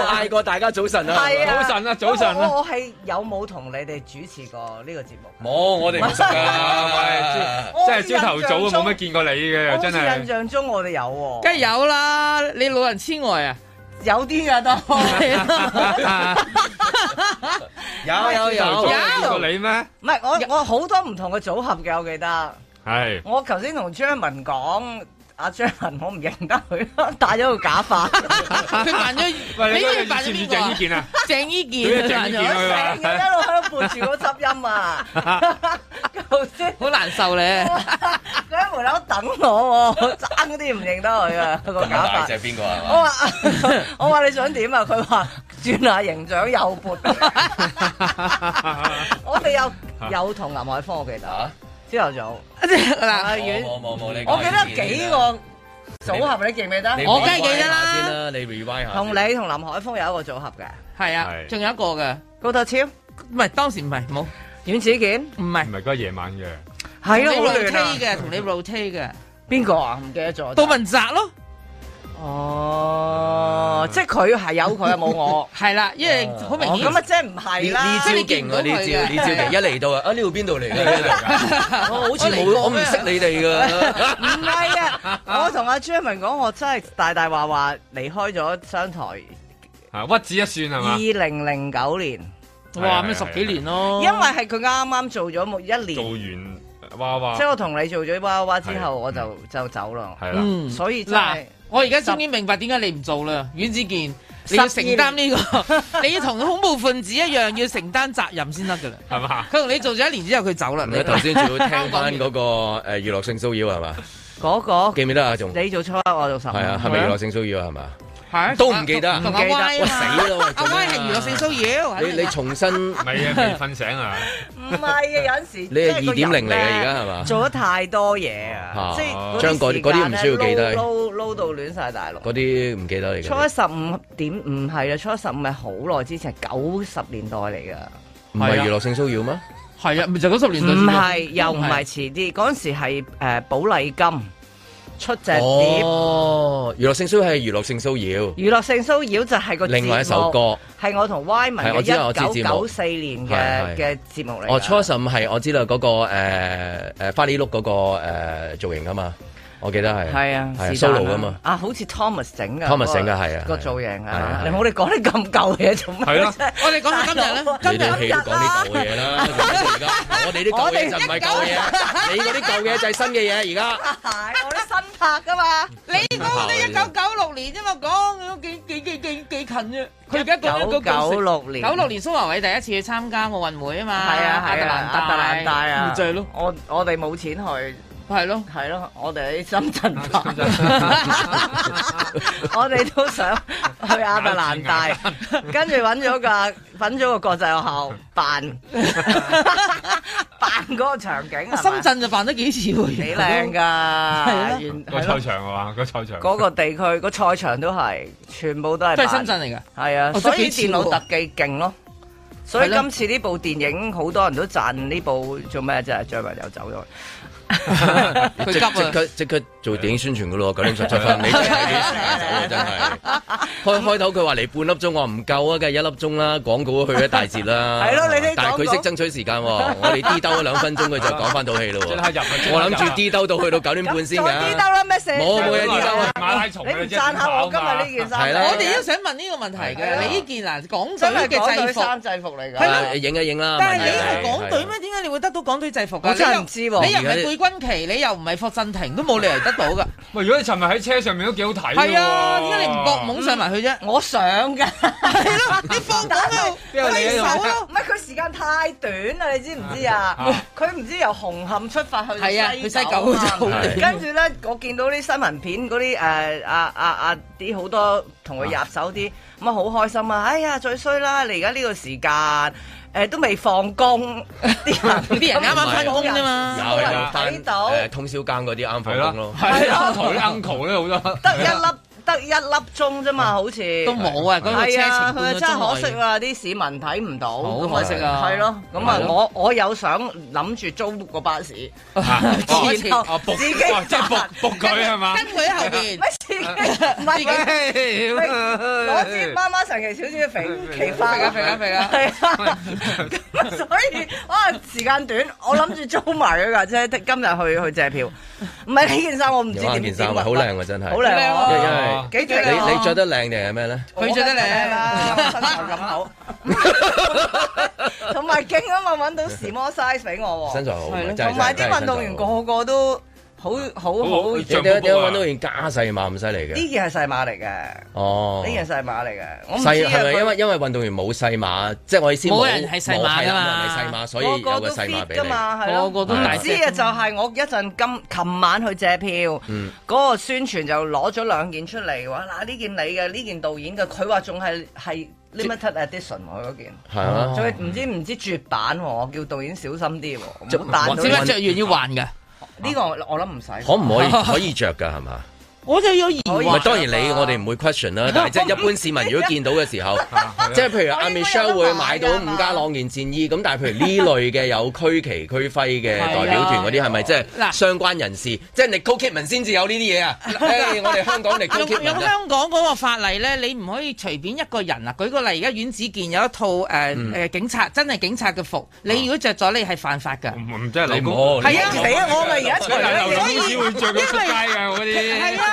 嗌過大家早晨啊！早晨啊，早晨，啊，係啊早晨，啊早晨啊、我係、啊、有冇同你哋主持過呢個節目？冇，我哋唔識㗎，即係朝頭早冇乜見過你嘅，真係。印象中我哋有、啊，梗係有啦！你老人痴呆啊，有啲噶都 *laughs* *laughs* 有、啊，有有有見過你咩？唔係我我好多唔同嘅組合嘅，我記得。係。我頭先同張文講。阿張文，我唔認得佢咯，戴咗個假髮，佢扮咗，你係扮咗邊個啊？鄭伊健啊？鄭伊健，佢扮咗，成日一路喺度撥住個執音啊。頭先，好難受咧。佢喺門口等我，我爭嗰啲唔認得佢啊，個假髮，就係邊個啊？我話我話你想點啊？佢話轉下形象又撥，我哋有有同林海峯，我記得，朝頭早嗱，阮，我記得幾個組合你記唔記得？我梗係記得啦。同你同林海峯有一個組合嘅。係啊，仲有一個嘅高達超，唔係當時唔係冇。阮子健唔係，唔係嗰個夜晚嘅。係咯，我 rotate 嘅，同你 rotate 嘅，邊個啊？唔記得咗？杜汶澤咯。哦、oh,，即係佢係有佢，冇我係啦，因為好明顯咁、嗯、啊，即係唔係啦。呢招勁啊，呢招呢招嚟一嚟到啊，你 *laughs* 到邊度嚟嘅？我好似冇，我唔識你哋噶。唔係啊，我同阿 Jasmine 講，我真係大大話話離開咗商台、啊，屈指一算係嘛。二零零九年，哇，咩？十幾年咯。 *laughs* 因為係佢啱啱做咗冇一年，做完娃娃，即係我同你做咗娃娃之後，我就就走咯。係啦，所以真、就、係、是。嗯我而家終於明白點解你唔做啦，阮子健，你要承擔呢個，你要同恐怖分子一樣要承擔責任先得噶啦，係嘛？佢同你做咗一年之後佢走啦。你頭先仲要聽翻嗰個誒娛樂性騷擾係嘛？嗰個記唔記得啊？仲你做初一，我做十。係啊，係咪娛樂性騷擾係嘛？係都唔記得，唔記得，我死咯！阿威係娛樂性騷擾，你你重新，唔係啊，未瞓醒啊？唔係啊，有陣時你係二點零嚟嘅，而家係嘛？做咗太多嘢啊，即係將嗰啲嗰啲唔需要記得，撈撈到亂曬大陸，嗰啲唔記得嚟嘅。初一十五點唔係啊，初一十五係好耐之前，九十年代嚟噶，唔係娛樂性騷擾咩？係啊，唔係就九十年代，唔係又唔係遲啲嗰陣時係誒寶麗金，出隻碟，哦、娛樂性騷擾係娛樂性騷擾，娛樂性騷擾就係個另外一首歌，係我同 Y 文嘅一九九四年嘅嘅節目嚟。哦，初十五係我知道嗰、嗰個誒誒、呃呃、花哩碌嗰個誒、呃、造型啊嘛。我記得係，係啊，蘇露啊嘛，啊好似 Thomas 整噶，Thomas 整噶係啊，個造型啊，我哋講啲咁舊嘢做乜？係咯，我哋講下今日咧，講啲新嘢啦。我哋啲舊嘢就唔係舊嘢，你嗰啲舊嘢就係新嘅嘢。而家有啲新拍噶嘛？你講啲一九九六年啫嘛？講幾幾幾幾幾近啫？佢而家講一九九六年，九六年蘇樺偉第一次去參加奧運會啊嘛？係啊係啊，阿特蘭特特蘭大啊，就係咯。我我哋冇錢去。係咯，係咯，我哋喺深圳拍，、啊、深圳 *laughs* *laughs* 我哋都想去亞特蘭大，跟住揾咗個揾咗個國際學校辦，辦嗰 *laughs* 個場景。深圳就辦咗幾次喎，幾靚噶，個賽場啊嘛，個賽場。嗰、那個地區個賽場都係，全部都係。係深圳嚟嘅。係啊，所以電腦特技勁咯，、哦、咯。所以今次呢部電影好多人都讚呢部做咩啫？張曼又走咗。 *laughs* 即刻、啊、即刻做電影宣傳噶咯，九點十七分，你真係開、啊、 *laughs* 開頭佢話嚟半粒鐘，我話唔夠啊，梗係一粒鐘啦，廣告去一大截啦，係 *laughs* 咯你但係佢識爭取時間， *laughs* *laughs* 我哋 D 兜咗兩分鐘，佢就講翻套戲咯，我諗住 D 兜到去到九點半先嘅、 *laughs* 嗯、，D 兜啦咩冇冇兜啊，馬拉松你唔讚下我今日呢件衫，我哋都想問呢個問題嘅，你呢件嗱，港隊嘅制服，制服嚟噶，影一影啦，但係你係港隊咩？點解你會得到港隊制服？我真係唔知，你溫琪，你又唔係霍震霆，都冇理由得到噶。喂，如果你尋日喺車上面都幾好睇。係啊，點解你唔搏懵上埋去啫？我上噶，你放膽去。揮手咯，唔係佢時間太短啦，你知唔知啊？佢唔知由紅磡出發去西九啊，跟住咧，我見到啲新聞片嗰啲誒，阿阿阿啲好多同佢入手啲，咁啊好開心啊！哎呀，最衰啦，你而家呢個時間。誒都未放工，啲 *laughs* 人啲、啊、人啱啱返工啫嘛，有睇到誒通宵更嗰啲啱返工咯，係 *laughs* 啦是、啊，同 *laughs* Uncle 咧好多得 *laughs* 一粒。得一粒鐘啫嘛，好似都冇啊！嗰個車程都真係可惜啊！啲市民睇唔到，好可惜啊！係咯，咁啊，我我有想諗住租個巴士，前頭自己即係服務佢係嘛？跟佢後邊，自己自己攞啲媽媽神奇小子嘅肥奇花，肥啊肥啊肥啊！係啊，咁啊，所以哇，時間短，我諗住租埋佢㗎，即係今日去去借票。唔係呢件衫，我唔知點點。呢件衫好靚啊，真係好靚啊！因為幾正啊！你你着得靚定係咩咧？佢着得靚啦，身材咁好，同埋勁啊！我揾、嗯、 *laughs* 任口 *laughs* *laughs* 到 small size 俾我喎，身材好，同埋啲運動員個，個個都。好好好，好，好，你揾到件加細碼唔犀利嘅？呢件係細碼嚟嘅。哦，呢件細碼嚟嘅。我唔知、啊、係咪因為因為運動員冇細碼，即係我先冇人係細碼啊嘛。個個都 fit 㗎嘛，係咯、啊。唔、啊、知啊，啊就係、是、我一陣今琴晚去借票，嗰、嗯嗰個宣傳就攞咗兩件出嚟，哇！嗱、啊，呢件你嘅，呢件導演嘅，佢話仲係係 limited edition 我嗰件。係啊。佢唔、啊嗯、知唔知絕版喎，我叫導演小心啲，唔好彈到人。著完要還嘅？呢個我諗唔使，可唔可以可以着㗎係嘛？是吧 *laughs* 我就要疑惑。當然你我哋唔會 question 啦，但係即係一般市民如果見到嘅時候，即 *laughs* 係、啊、譬如阿 Michelle 會買到五家朗然戰衣，咁 *laughs* 但係譬如呢類嘅有區旗區徽嘅代表團嗰啲係咪即係相關人士？ *laughs* 即係你高級民先至有呢啲嘢啊！我哋香港， *laughs* 有香港，你高用香港嗰個法例咧，你唔可以隨便一個人啊！舉個例，而家阮子健有一套誒、呃、警察真係警察嘅服、嗯，你如果着咗你係犯法㗎。唔真即係你我係啊係啊！你你我咪而家出街，出街啲。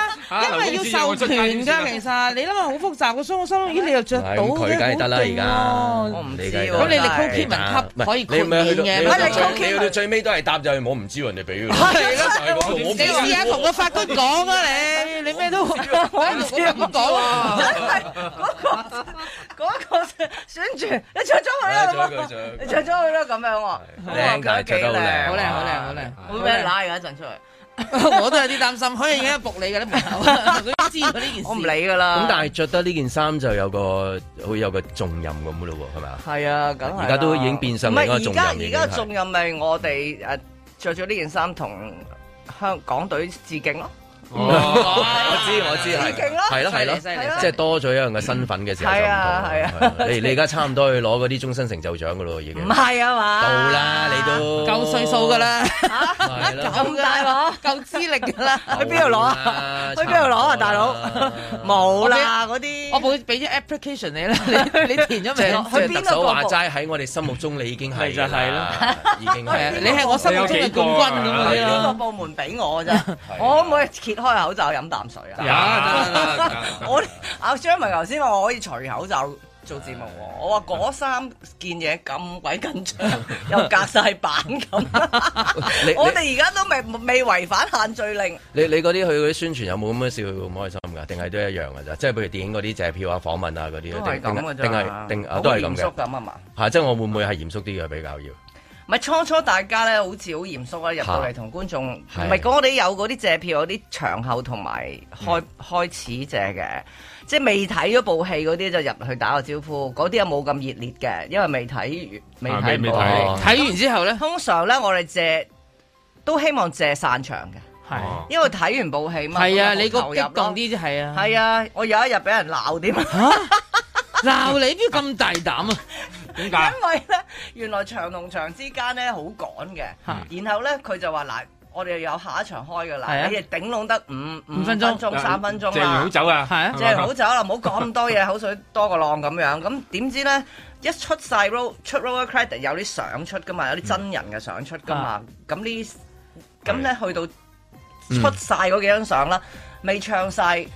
我因為要授權噶，其實你諗下好複雜個，所以相當於你又着到佢梗係得啦，而家我唔知噶，咁你力扑平民級咪可以？你唔係去嘢，我力扑平民，去到最尾都係搭就係冇唔知人哋俾，係啦，你試下，同個法官講啊，你你咩都同我唔知啊，唔講啊，真係嗰個嗰個選住你着咗去啦，你着咗去啦，咁樣啊，着得幾靚，好靚好靚好靚，好俾人拉一陣出嚟。我都有啲擔心，可以而家服你噶啦，唔好，佢知道呢件事，我唔理噶啦。咁但係著得呢件衫就有個，會有個重任咁噶咯喎，係咪啊？係啊，梗係。而家都已經變身，唔係而家，而家重任咪我哋誒著咗呢件衫同香港隊致敬咯。我知我知，係咯，係咯，係咯，即係多咗一樣嘅身份嘅時候，係啊，係啊，你你而家差唔多去攞嗰啲終身成就獎嘅咯，已經唔係啊嘛，到啦，你都夠歲數嘅啦，嚇咁大喎，夠資歷嘅啦，去邊度攞啊？去邊度攞啊？大佬冇啦嗰啲，我會俾啲 application 你啦，你你填咗未？即係特首話齋喺我哋心目中，你已經係啦係啦，勁過你係我心目中嘅冠軍咁嗰啲啦，邊個部門俾我嘅啫？我冇填。開口罩飲啖水啊！有，我阿張文頭先話我可以除口罩做節目，我話嗰三件嘢咁鬼緊張，又隔晒板咁。我哋而家都未未違反限聚令。你你嗰啲去嗰啲宣傳有冇咁樣笑咁開心噶？定係都一樣噶咋？即係譬如電影嗰啲借票啊、訪問啊嗰啲，都係咁嘅啫。定係定都係咁嘅。嚴肅咁啊嘛。係，即係我會唔會係嚴肅啲嘅比較要？咪初初大家咧，好似好嚴肅，入到嚟同觀眾，唔係講我哋有嗰啲借票，嗰啲場後同埋開開始借嘅、嗯，即未睇咗部戲嗰啲就入去打個招呼，嗰啲又冇咁熱烈嘅，因為未睇未睇過。睇完之後咧，通常咧我哋借都希望借散場嘅、啊，因為睇完部戲嘛。係啊，你個激動啲，係啊，係啊，我有一日俾人鬧啲嘛。鬧、啊、 *laughs* 你點咁大膽啊！為因為咧，原來場同場之間咧，好趕嘅，然後咧，佢就話嗱，我哋又有下一場開噶啦，你哋，啊、頂籠得五五分鐘五，分鐘五分鐘、三分鐘，即係好走噶，啊，即係、啊、好走啦，唔好講咁多嘢，口水多過浪咁樣。咁、嗯、點知咧一出晒 roll 出 roller 嘅 credit 有啲相出噶嘛，有啲真人嘅相出噶嘛。咁、嗯嗯、呢咁咧去到出晒嗰幾張相啦，嗯，未唱晒。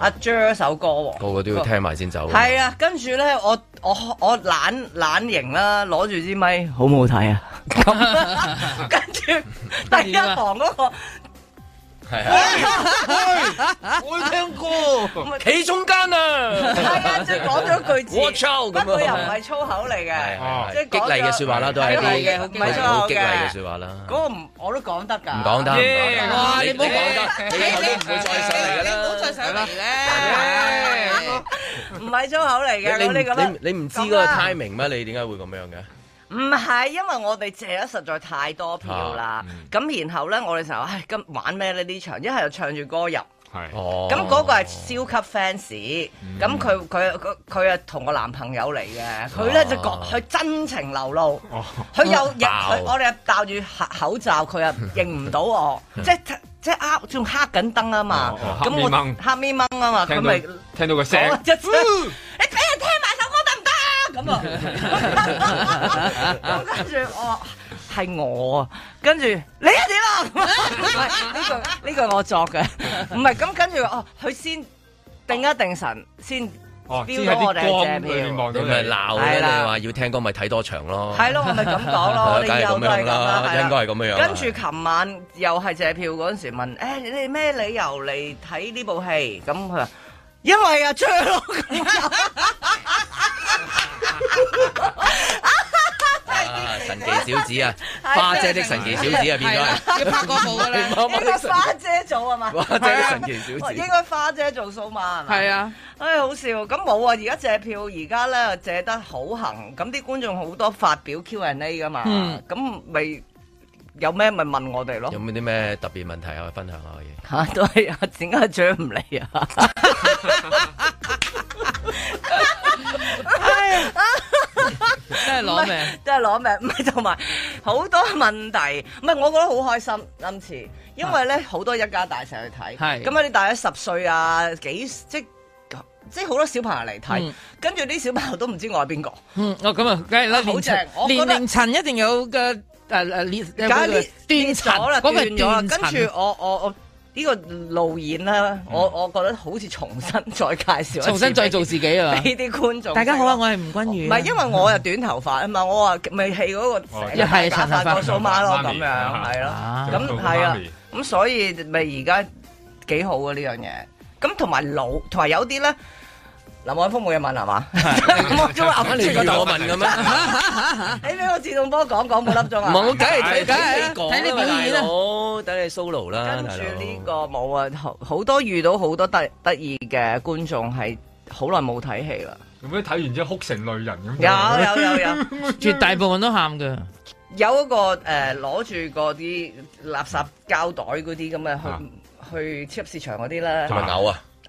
阿、啊、Joe 首歌、哦，個個都要聽埋先走個個。係啊，跟住咧，我我我懶懶型啦、啊，攞住支咪，好唔好睇啊？ *laughs* *laughs* 跟住大家房嗰個。 *laughs* *laughs* 喂，我、啊、聽過，企中間啊，係啊，即係講咗句字，不過又唔係粗口嚟嘅，即係、就是、激勵嘅説話啦，都係啲好係錯嘅激勵嘅説話啦。嗰、那個唔我都講得㗎，唔講得，yeah, 得，yeah, 得 yeah，你，你唔好講得，你得 yeah，你唔會再上嚟㗎啦，你唔好再上嚟咧。唔係粗口嚟嘅，你你你唔知嗰個 timing 咩？你點解、啊、會咁樣嘅？唔係，因為我哋借得實在太多票啦。咁、啊嗯、然後咧，我哋成日話，唉，咁玩咩咧？呢場，一係又唱住歌入。係、哦。咁嗰個係超級 fans、嗯。咁佢佢佢啊，同個男朋友嚟嘅。佢、哦、咧就講，佢真情流露。佢、哦、又入，我哋啊戴住口罩，佢又認唔到我。 *laughs* 即係即係呃仲黑緊燈啊嘛。咁、哦哦、我黑咪掹啊嘛。咪聽，聽到個聲、哦呃，你俾人聽埋首歌。咁啊！咁跟住我，係我啊！跟住你一點啊？呢個呢個係我作嘅，唔係咁跟住哦，佢先定一定神先哦，知係啲光對面望到，咪鬧你？話要聽歌咪睇多場咯，係咯，咪咁講咯，應該係咁樣啦，應該係咁樣。跟住琴晚又係借票嗰陣時問，誒，你哋咩理由嚟睇呢部戲？咁佢話因為啊，出咯。 *laughs* 啊、神奇小子啊，花姐的神奇小子啊，變咗，要拍個數噶啦，花姐做啊嘛？花姐神奇小子，應該花姐做數碼嘛？係啊，唉、哎，好笑，咁冇啊，而家借票，而家咧借得好行，咁啲觀眾好多發表 Q and A 噶嘛，咁、嗯、咪。有咩咪問我哋咯？有冇啲咩特別問題可以分享下嘅？嚇，都係啊！點解獎唔嚟啊？真係攞命，真係攞命，唔係同埋好多問題。唔係我覺得好開心今次，因為咧好多一家大細去睇，咁啊你大約十歲啊幾即即係好多小朋友嚟睇，跟住啲小朋友都唔知我係邊個。嗯，哦咁啊，梗係啦，凌晨年齡層一定有嘅。誒誒，裂，斷裂斷咗啦，斷咗啦，跟住我我我呢個路演咧，我我覺得好似重新再介紹，重新再做自己啊！俾啲觀眾，大家好啊，我係吳君如。唔係，因為我又短頭髮啊嘛，我話咪係嗰個一係長頭髮高 so 媽咯咁樣，係咯，咁係啊，咁所以咪而家幾好啊呢樣嘢，咁同埋老，同埋有啲咧。林海峰冇嘢問係嘛？我今日鴨撚亂咗問嘅咩？你俾我自動波講講半粒鐘啊！唔係，我梗係梗係睇你表演啦，好等你 solo 啦。跟住呢個冇啊，好多遇到好多得得意嘅觀眾係好耐冇睇戲啦。咁啲睇完之後哭成淚人咁。有有有有，絕大部分都喊嘅。有一個誒攞住個啲垃圾膠袋嗰啲咁嘅去去超級市場嗰啲啦。同埋狗啊！睇睇到頂唔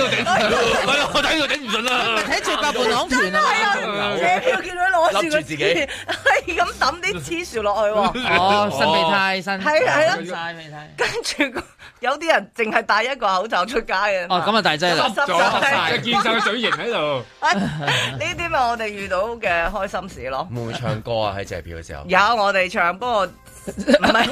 順，係咯，我睇到頂唔順啦。睇住半檔算啦。謝票見到佢攞住佢自己，係咁抌啲黐樹落去。哦，身被太身，係係咯，曬被太。跟住有啲人淨係戴一個口罩出街嘅。哦，咁啊，但係真係濕咗，見晒嘴型喺度。呢啲咪我哋遇到嘅開心事咯。會唔會唱歌啊，喺謝票嘅時候。有我哋唱，不過唔係，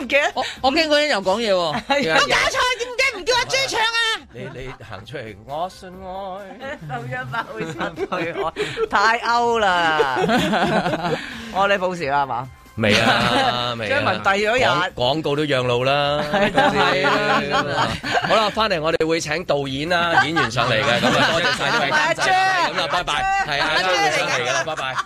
唔記得。我我驚嗰啲人又講嘢。我搞錯點解？叫阿張唱啊！你你行出嚟，我信愛，留一百塊錢陪我，太 out 啦！我你報時啦，係嘛？未啊，未。張文遞咗日廣告都讓路啦，係啦。好啦，翻嚟我哋會請導演啦、演員上嚟嘅，咁啊多謝晒呢位擔仔，咁啊拜拜，係阿張上嚟噶啦，拜拜。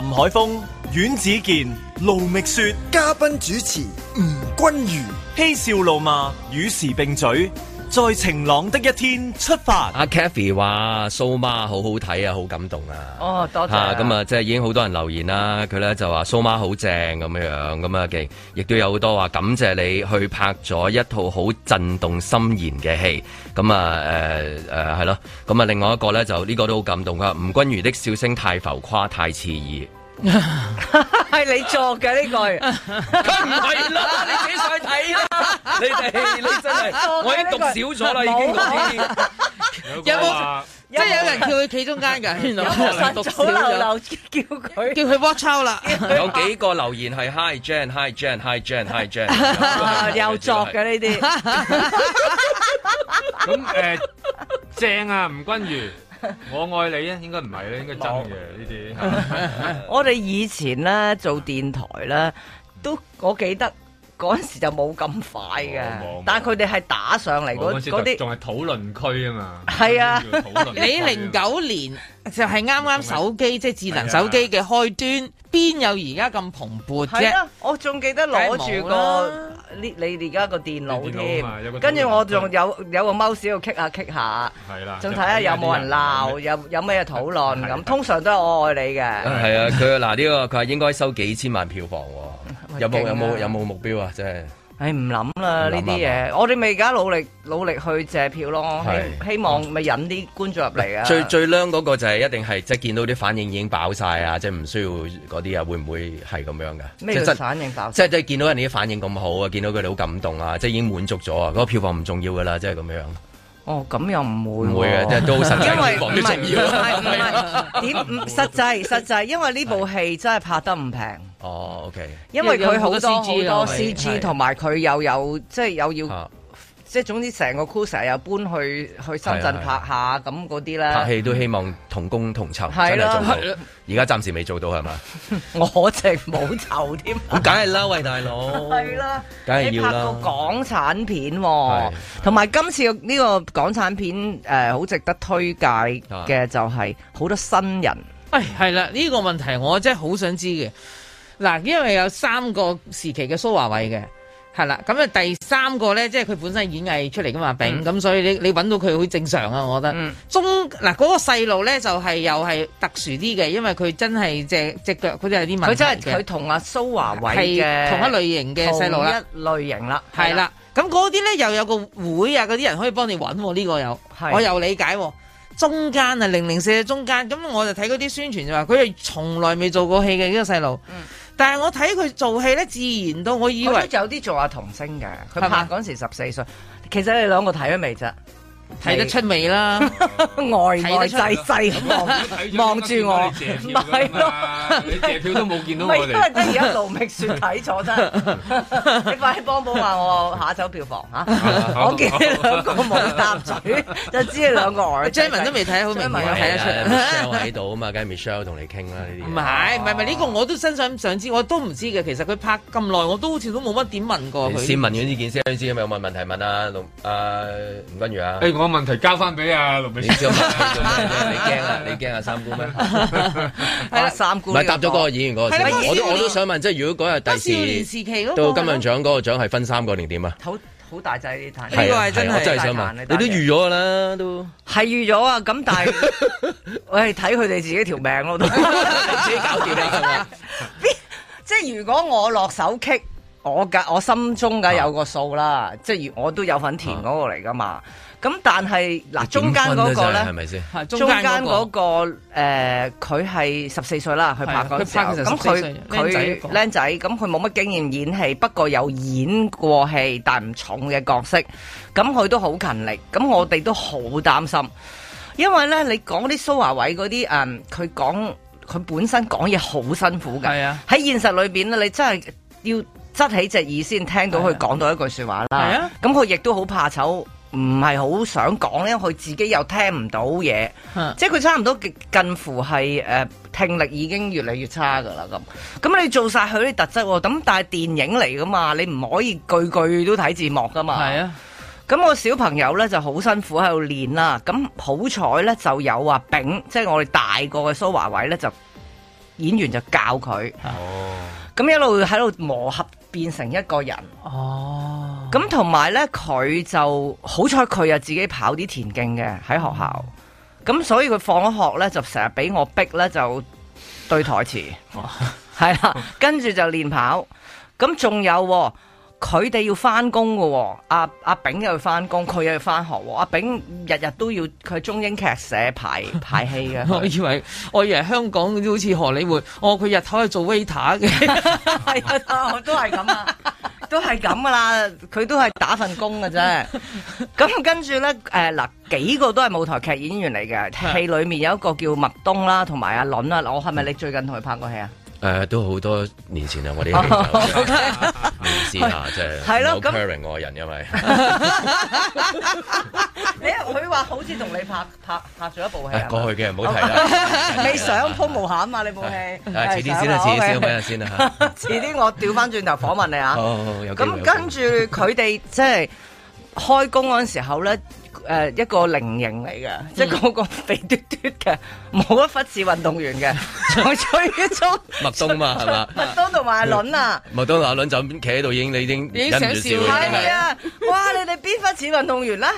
林海峰、阮子健、盧覓雪，嘉賓主持吳君如，嬉笑怒罵，與時並嘴。在晴朗的一天出發。阿 Kathy 話蘇媽好好睇，oh，啊，好感動啊。哦，多謝。咁啊，即係已經好多人留言啦。佢咧就話蘇媽好正咁樣樣。咁啊，亦都有好多話感謝你去拍咗一套好震動心弦嘅戲。咁啊，誒誒係咯。咁、呃、啊、嗯，另外一個咧就呢、呢個都好感動㗎。吳君如的笑聲太浮誇，太刺耳。係你作嘅呢句，佢唔係啦，你幾歲睇啊？你哋你真係，我已經讀少咗啦，已經。有冇即係有人叫佢企中間嘅？有冇讀小劉劉叫佢？叫佢 work 抽啦。有幾個留言係 Hi Jane，Hi Jane，Hi Jane，Hi Jane。又作嘅呢啲。咁誒，正啊，吳君如。 *laughs* 我愛你啊，應該唔係咧，應該真嘅呢啲。 *laughs* *laughs* 我哋以前咧做電台咧，都我記得。嗰陣時就冇咁快噶，但係佢哋係打上嚟嗰嗰啲，仲係討論區啊嘛。係啊，你零九年就係啱啱手機即係智能手機嘅開端，邊有而家咁蓬勃啫？我仲記得攞住個你哋而家個電腦添，跟住我仲有有個 mouse 要棘下棘下，仲睇下有冇人鬧，有有咩討論咁，通常都係我愛你嘅。係啊，佢嗱呢個佢係應該收幾千萬票房。啊、有冇有冇有冇目標啊？即係，唉唔諗啦呢啲嘢，我哋咪而家努力努力去借票咯，希望咪、嗯、引啲觀眾入嚟啊！最最靚嗰個就係一定係即係見到啲反應已經爆晒啊！即係唔需要嗰啲啊，會唔會係咁樣噶？咩叫反應爆？即係即係見到人哋啲反應咁好啊，見到佢哋好感動啊，即係已經滿足咗啊！嗰個票房唔重要噶啦，即係咁樣。哦，咁又唔會唔、啊、會嘅、啊，即係都好實際講啲唔係唔係點實際實際，因為呢部戲真係拍得唔平。哦、oh，OK，因為佢好多好多 CG，同埋佢又有即係又要。 *laughs* 即係總之，成個 c o s 又搬去去深圳拍下咁嗰啲咧。拍戲都希望同工同酬，真係而家暫時未做到係嘛？ *laughs* 我直冇酬添。梗係啦，喂大佬。係啦，梗係要啦。你拍過港產片，同埋今次呢個港產片誒，好值得推介嘅就係好多新人。誒係啦，呢個問題我真係好想知嘅。嗱，因為有三個時期嘅蘇華偉嘅。係啦，咁啊第三個咧，即係佢本身演藝出嚟噶嘛，丙、嗯、咁所以你你搵到佢好正常啊，我覺得、嗯。中嗱嗰、那個細路咧就係、是、又係特殊啲嘅，因為佢真係隻隻腳，佢哋有啲問題，佢真係佢同阿蘇華偉嘅同一類型嘅細路啦。同一類型啦，係啦。咁嗰啲咧又有個會啊，嗰啲人可以幫你搵呢、啊，這個有，我又理解，啊。中間啊零零四嘅中間，咁我就睇嗰啲宣傳就話，佢係從來未做過戲嘅呢個細路。嗯但係我睇佢做戲咧，自然到我以為有啲做阿童星嘅，佢拍嗰時十四歲。其實你兩個睇咗未啫？睇得出未啦，外外細細望望住我，唔係咯，你謝票都冇見到我哋，而家盧覓雪睇咗真，你快啲幫我話我下週票房嚇、啊啊，我見你兩個冇搭嘴，就知你兩個、呃。j e n n 都未睇，好明顯我睇得出。Michelle 啊嘛，梗係 Michelle 同你傾啦呢啲。唔係唔係唔係呢個我都心想想知，我都唔知嘅。其實佢拍咁耐，我好都好似都冇乜點問過佢。先問完呢件事先，知有冇問題問啊？阿吳君如啊？個問題交翻俾阿林美小姐，你驚啊？你驚阿三姑咩？係啊，三姑。唔係、啊、答咗嗰、嗰個演員嗰個先，我都我都想問，即係如果嗰日第次少年時期嗰金像獎嗰、嗰個嗰個獎係分三個定點啊？好好大劑呢！呢個係真係真係想問你，都預咗㗎啦，都係預咗啊！咁但係，喂、 *laughs* 哎，睇佢哋自己條命咯，都自己 *laughs* 搞掂啦， *laughs* *laughs* 即係如果我落手棘。我噶，我心中梗有個數啦，即係我都有份填嗰個嚟噶嘛。咁但係嗱，中間嗰個咧，中間嗰個誒，佢係十四歲啦，佢拍嗰時候，咁佢佢僆仔，咁佢冇乜經驗演戲，不過有演過戲，但唔重嘅角色。咁佢都好勤力，咁我哋都好擔心，因為咧，你講啲蘇華偉嗰啲誒，佢講佢本身講嘢好辛苦㗎，喺現實裏邊咧，你真係要。側起隻耳先聽到佢講到一句話，啊啊啊，說話啦，咁佢亦都好怕醜，唔係好想講，因為佢自己又聽唔到嘢，啊，即係佢差唔多近乎係誒、呃、聽力已經越嚟越差噶啦咁。咁你做晒佢啲特質，咁但係電影嚟噶嘛，你唔可以句句都睇字幕噶嘛。係啊，咁我小朋友呢就好辛苦喺度練啦，咁好彩呢就有阿丙，即、就、係、是、我哋大個嘅蘇華偉呢，就演員就教佢，咁、啊、一路喺度磨合。變成一個人哦，咁同埋呢，佢就好彩，佢又自己跑啲田徑嘅喺學校，咁所以佢放咗學呢就成日俾我逼呢， *laughs* *laughs* 就對台詞，係啦，跟住就練跑，咁仲有。佢哋要翻工嘅，阿、啊、阿、啊、炳又要翻工，佢又要翻學。阿、啊、炳日日都要，佢中英劇社排排戲嘅。我以為我以為香港都好似荷里活，哦，佢日頭去做 waiter 嘅，係啊，都係咁啊，都係咁噶啦，佢都係打份工㗎啫。咁跟住咧，誒嗱，幾個都係舞台劇演員嚟嘅，戲 *laughs* 裏面有一個叫麥冬啦，同埋阿倫啦。我係咪你最近同佢拍過戲啊？誒、呃，都好多年前啊我哋、oh, ok 唔知啦，即係好 q u i y 我人，因為你佢話好似同你拍拍拍咗一部戲，啊，過去嘅唔好提啦， *laughs* 沒想上空無瑕啊嘛、啊，你部戲，係遲啲先啦，啊、遲、啊、啲先咁先啦，遲啲我調翻轉頭訪問你啊，咁、 *laughs* 哦、跟住佢哋即係開工嗰時候咧。誒，一個零型嚟噶，一個好個肥嘟嘟嘅，冇一忽似運動員嘅，在吹足麥冬嘛，係嘛？麥冬同埋阿倫啊，麥冬阿倫就咁企喺度，已經你已經忍唔住笑，係咪啊？哇！你哋邊忽似運動員咧？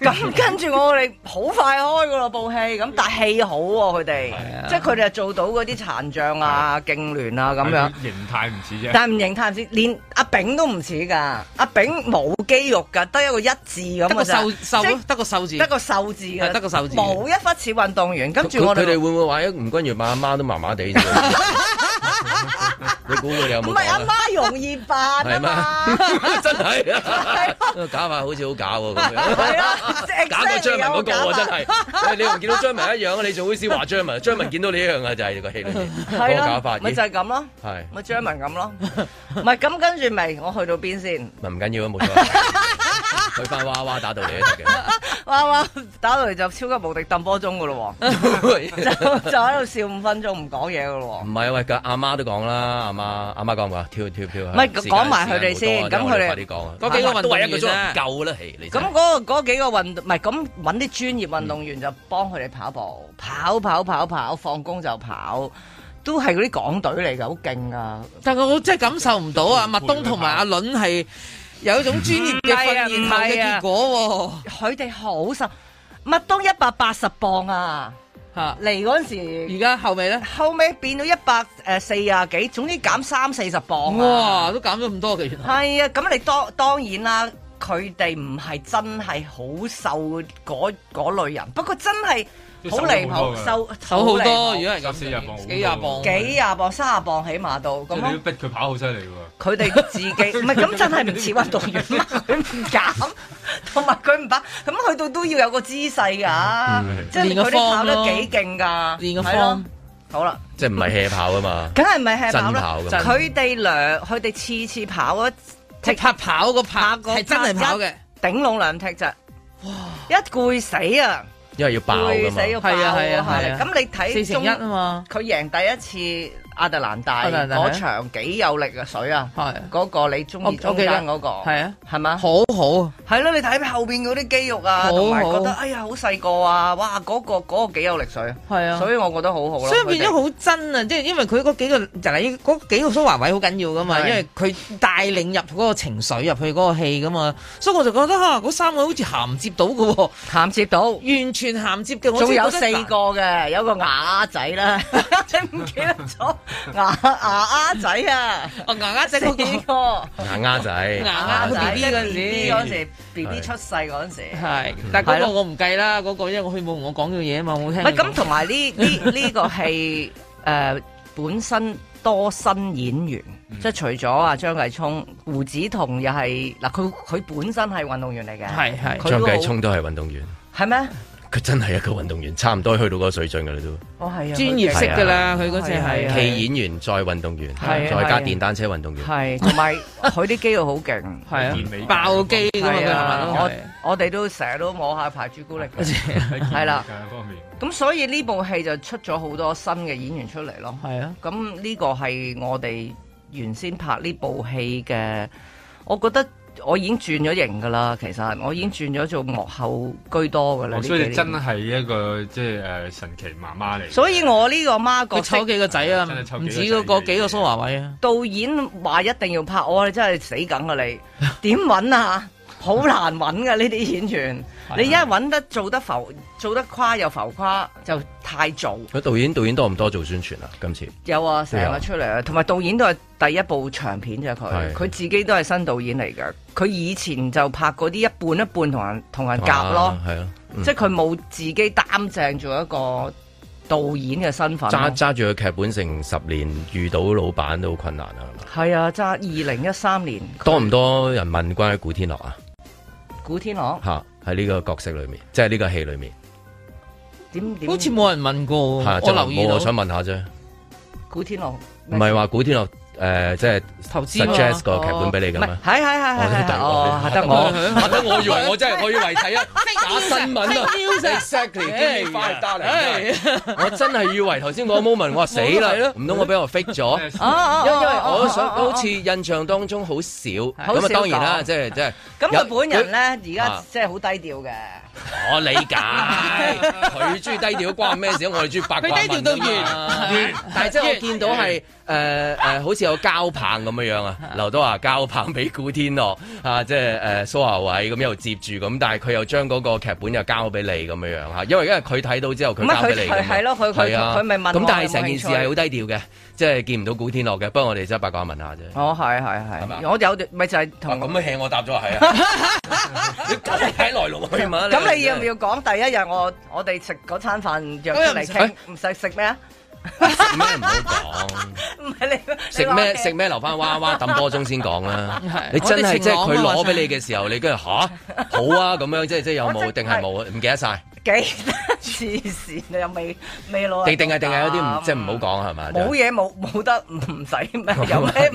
咁跟住我，我哋好快開噶咯部戲，咁但係戲好喎，佢哋，即係佢哋又做到嗰啲殘障啊、痙攣啊咁樣。形態唔似啫，但係唔形態唔似，連阿炳都唔似噶，阿炳冇肌肉噶，得一個一字咁啊，瘦瘦。得個瘦字，得個瘦字嘅，得個瘦字，冇一忽似運動員。跟住我哋，佢哋會唔會話？吳君如阿媽都麻麻地。你估到有冇？唔係阿媽容易扮，係咩？真係啊！假髮好似好假咁樣，係啊！假過張文嗰個真係，你唔見到張文一樣啊！你就好似話張文，張文見到你一樣啊！就係個戲嚟嘅，個假髮。咪就係咁咯，係咪張文咁咯？唔係咁，跟住咪我去到邊先？唔緊要啊，冇錯。佢返娃娃打到你嚟啊！娃娃打到嚟就超級無敵撳波鐘噶咯，就喺度笑五分鐘唔講嘢噶咯。唔係啊，喂，阿媽都講啦，阿媽阿媽講唔講啊？跳跳跳，唔係講埋佢哋先，咁佢哋快啲講，都係一個鐘夠啦，咁嗰嗰幾個運動唔係咁搵啲專業運動員就幫佢哋跑步跑跑跑跑，放工就跑，都係嗰啲港隊嚟噶，好勁啊。但係我真係感受唔到啊，麥冬同埋阿倫係。有一種專業嘅訓練後嘅結果喎，佢哋好瘦，麥當一百八十磅啊，嚇嚟嗰陣時，而家後尾咧，後尾變到一百誒四廿幾，總之減三四十磅。哇，都減咗咁多嘅原來。係啊，咁你當當然啦，佢哋唔係真係好瘦嗰嗰類人，不過真係。好離譜，瘦好多，多，多，如果係五四廿磅、幾廿磅、幾廿磅、十磅三廿磅起碼到咁。就是、你要逼佢跑好犀利喎。佢哋自己唔係咁， *laughs* 真係唔似運動員。佢 *laughs* 唔不減，同埋佢唔跑，咁去到都要有個姿勢㗎、嗯。即係佢哋跑得幾勁㗎。練個方，好啦，即係唔係氣跑啊嘛？梗係唔係氣跑啦？佢哋兩，佢哋次次跑啊，踢拍跑個拍個，係真係跑嘅，頂籠兩踢咋。哇！一攰死啊！因為要爆㗎嘛，佢死要爆嘛，係啊係啊係啊，咁你睇四成一啊嘛，佢贏第一次。亞特蘭大嗰場幾有力嘅水啊，嗰個你中意中間嗰個係啊，係咪？好好，係咯，你睇後邊嗰啲肌肉啊，同埋覺得哎呀好細個啊，哇嗰個嗰個幾有力水啊，係啊，所以我覺得好好咯。所以變咗好真啊，即係因為佢嗰幾個就係嗰幾個蘇華偉好緊要噶嘛，因為佢帶領入嗰個情緒入去嗰個戲噶嘛，所以我就覺得吓嗰三個好似銜接到嘅，銜接到完全銜接嘅，仲有四個嘅，有個啞仔啦，真唔記得咗。牙牙、啊、丫、啊、仔啊，啊，啊！哦，牙丫仔你講過牙丫仔，牙丫、啊啊、仔嗰陣、啊啊啊、時，寶寶出時，陣時 B B 出世嗰陣時，係。但係嗰個我唔計啦，嗰、那個因為佢冇同我講嘅嘢，啊嘛，我冇聽。咁同埋呢呢呢個係誒、呃、本身多新演員，即、嗯、係除咗啊，張繼聰、胡子彤又係嗱，佢佢本身係運動員嚟嘅，係。係張繼聰都係運動員，係咩？佢真係一個運動員，差唔多去到嗰個水準噶啦都。哦，係專業式噶啦，佢嗰隻係。戲演員再運動員，再加電單車運動員。係，同埋佢啲肌肉好勁。係啊，健美。爆肌咁啊！我我哋都成日都摸下排朱古力。係啦，咁所以呢部戲就出咗好多新嘅演員出嚟咯。係啊，咁呢個係我哋原先拍呢部戲嘅，我覺得。我已經轉咗型噶啦，其實我已經轉咗、嗯、做幕後居多噶啦、哦。所以你真係一個即係神奇媽媽嚟。所以我呢個媽哥，佢湊幾個仔啊，唔、哎、止個個幾個蘇華偉啊。導演話一定要拍我，你真係死梗啊！你點揾啊？好難揾嘅呢啲演員， *laughs* 你一揾得做得浮，做得誇又浮誇，就太早。佢導演導演多唔多做宣傳啊？今次有啊，成日出嚟啊，同埋導演都係第一部長片啫，佢佢、啊、自己都係新導演嚟㗎。佢以前就拍嗰啲一半一半同人同人夾咯，係、啊啊嗯、即係佢冇自己擔正做一個導演嘅身份、啊。揸揸住個劇本成十年，遇到老闆都好困難啊！係啊，揸二零一三年多唔多人問關於古天樂啊？古天樂吓，喺呢個角色裏面，即係呢個戲裏面，點點好似冇人問過、啊，我留意到我想問下啫古天樂，唔係話古天樂。誒、呃，即係投資 suggest、啊、個劇本俾你咁、哦哦、啊？係係係我，得得我，啊、得,我,、啊啊、得我,我以為我真係可以為睇一假新聞 *laughs* 說說啊！Exactly，、哎哎、我真係以為頭先嗰 moment，我話死啦，唔通我俾我,我 fake 咗、啊啊？ *laughs* 因為、啊、我想好似印象當中好少，咁當然啦，即係即係。咁佢、即係即係、本人咧，而家即係好低調嘅。我理解，佢中意低調關咩事？我係中意八卦。低調都但係即係我見到係。誒、呃、誒，好、呃、似有交棒咁樣樣啊！劉德華交棒俾古天樂啊，即係誒蘇華偉咁又接住，咁但係佢又將嗰個劇本又交俾你咁樣樣吓，因為因為佢睇到之後佢交俾你咁樣。咁但係成件事係好低調嘅，即、啊、係見唔到古天樂嘅。不過我哋真係八卦問，問一下啫。哦，係係係。我有，咪就係、是、同。咁咩戲我答咗係啊。咁 *laughs* *laughs* *laughs* 你要唔要講第一日我我哋食嗰餐飯約出嚟傾、哎？唔使食咩啊？咩 *laughs* 唔好講？唔 *laughs* 係你食咩食咩留返娃娃抌波鐘先講啦！ *laughs* 你真係、啊、即係佢攞俾你嘅時候， *laughs* 你跟住吓好啊咁樣，即係即係有冇定係冇啊？唔 *laughs* 記得晒。 *laughs* *laughs* 幾多慈善啊？又未未攞？定定係定係有啲唔即係唔好講係嘛？冇嘢冇冇得唔使咩？有咩？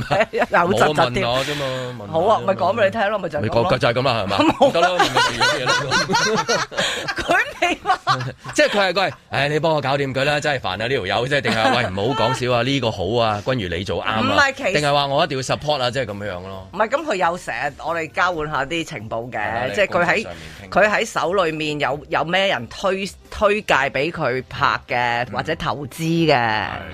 嗱，我問下啫嘛。好啊，咪講俾你聽咯，咪就係咁。你講就係咁啦，係嘛？得啦，唔好有嘢啦。佢未嘛？即係佢係佢，哎，你幫我搞掂佢啦，真係煩啊！呢條友即係定係喂，唔好講笑啊！呢個好啊，君如你做啱啊，定係話我一定要 support 啊？即係咁樣樣咯。唔係，咁佢有成日我哋交換下啲情報嘅，即係佢喺佢喺手裏面有有咩人？推推介俾佢拍嘅或者投資嘅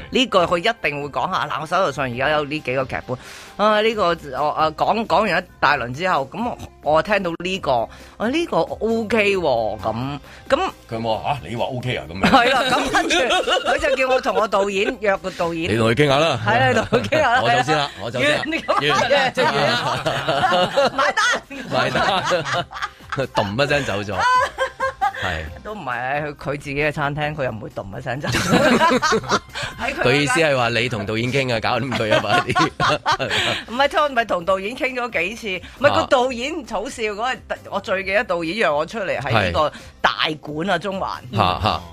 呢個佢一定會講下嗱、啊、我手頭上而家有呢幾個劇本啊呢、這個我啊講講完一大輪之後咁我，我聽聽到呢、這個我呢、啊這個 O K 咁咁佢冇啊，你話 O K 啊咁樣係啦，咁跟住佢就叫我同我導演約個導演 *laughs* *laughs* 你同佢傾下啦係啦，同佢傾下 *laughs* 我走先啦，我走先 *laughs* 買單買單佢咚 *laughs* 一聲走咗。係，都唔係佢自己嘅餐廳，佢又唔會動聲 *laughs* 是他的笑 *laughs* 啊！想 *laughs* 就，佢意思係話你同導演傾啊，搞啲唔對啊嘛啲。唔係，我唔係同導演傾咗幾次，唔係，啊那個導演好笑嗰個，我最記得導演約我出嚟喺呢個大館、嗯、啊、中、啊、環。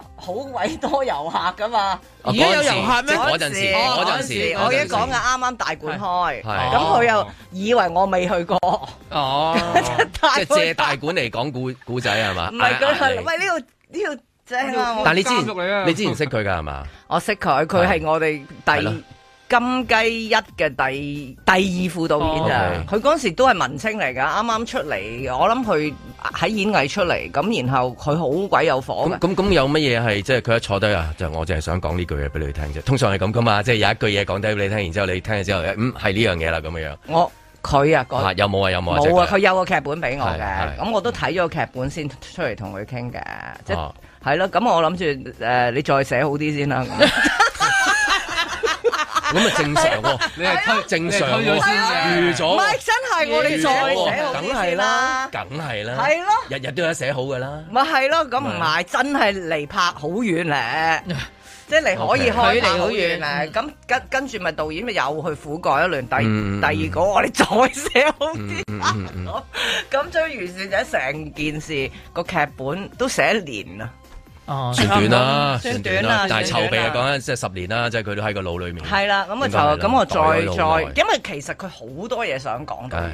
好鬼多遊客㗎嘛？而家有遊客咩？嗰、啊、陣時，嗰陣時，時，時，時，時，時，時，我而家講緊啱啱大館開，咁佢又以為我未去過。哦，即、哦、借大館嚟講故故仔係嘛？唔係佢，喂呢度呢度正啊！但你之前你之前識佢㗎係嘛？ *laughs* 我識佢，佢係我哋第。金雞一嘅第第二副導演啊，佢嗰時都係文青嚟噶，啱啱出嚟，我諗佢喺演藝出嚟，咁然後佢好鬼有火嘅。咁咁有乜嘢係即係佢一坐低啊？就我淨係想講呢句嘢俾你聽啫。通常係咁噶嘛，即係有一句嘢講低俾你聽，然之後你聽咗之後，嗯，係呢樣嘢啦咁樣樣。我佢啊，有冇啊？有冇冇啊？佢有個劇本俾我嘅，咁我都睇咗個劇本先出嚟同佢傾嘅，即係係咯。咁我諗住誒，你再寫好啲先啦。咁咪正常喎，你係睇正常嘅先預咗，唔係真係我哋再寫，梗係啦，梗係啦，係咯，日日都有得寫好嘅啦，咪係咯，咁唔係真係離拍好遠咧，即係離可以開拍好遠咧，咁跟跟住咪導演咪又去苦改一輪，第第二個我哋再寫好啲，咁將完善咗成件事個劇本都寫得掂。哦、啊，算短啦、啊，算短啦、啊啊啊，但係籌備啊，講緊、啊、即係十年啦、啊，即係佢都喺個腦裏面。係啦、啊，咁啊就咁我再再，因為其實佢好多嘢想講咁、啊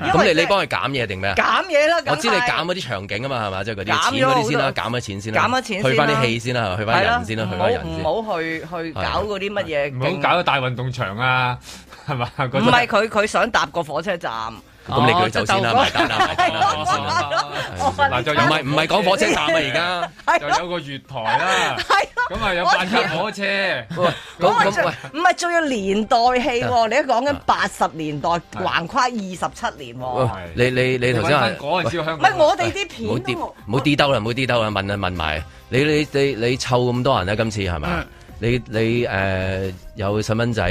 啊就是、你你幫佢減嘢定咩？減嘢啦，我知你減嗰啲場景啊嘛，係咪？即係嗰啲錢嗰啲先啦，減嗰錢先啦、啊，減嗰錢先、啊錢先啊，去翻啲戲先啦、啊啊，去翻人先啦、啊，去返人先。唔好去去搞嗰啲乜嘢，唔好搞個大運動場啊，係嘛、啊？唔係佢佢想搭個火車站。咁你叫佢走先啦，埋單啦，埋單啦。嗱，就唔係唔係講火車站啊，而家就有個月台啦。咁啊，有八列火車。喂，咁咁喂，唔係仲要年代戲？你都講緊八十年代，橫跨二十七年。你你你頭先話香港，唔係我哋啲片。唔好跌，唔好跌兜啦，唔好跌兜啦。問啊問埋，你你你你湊咁多人咧，今次係咪？你你誒、呃、有細蚊仔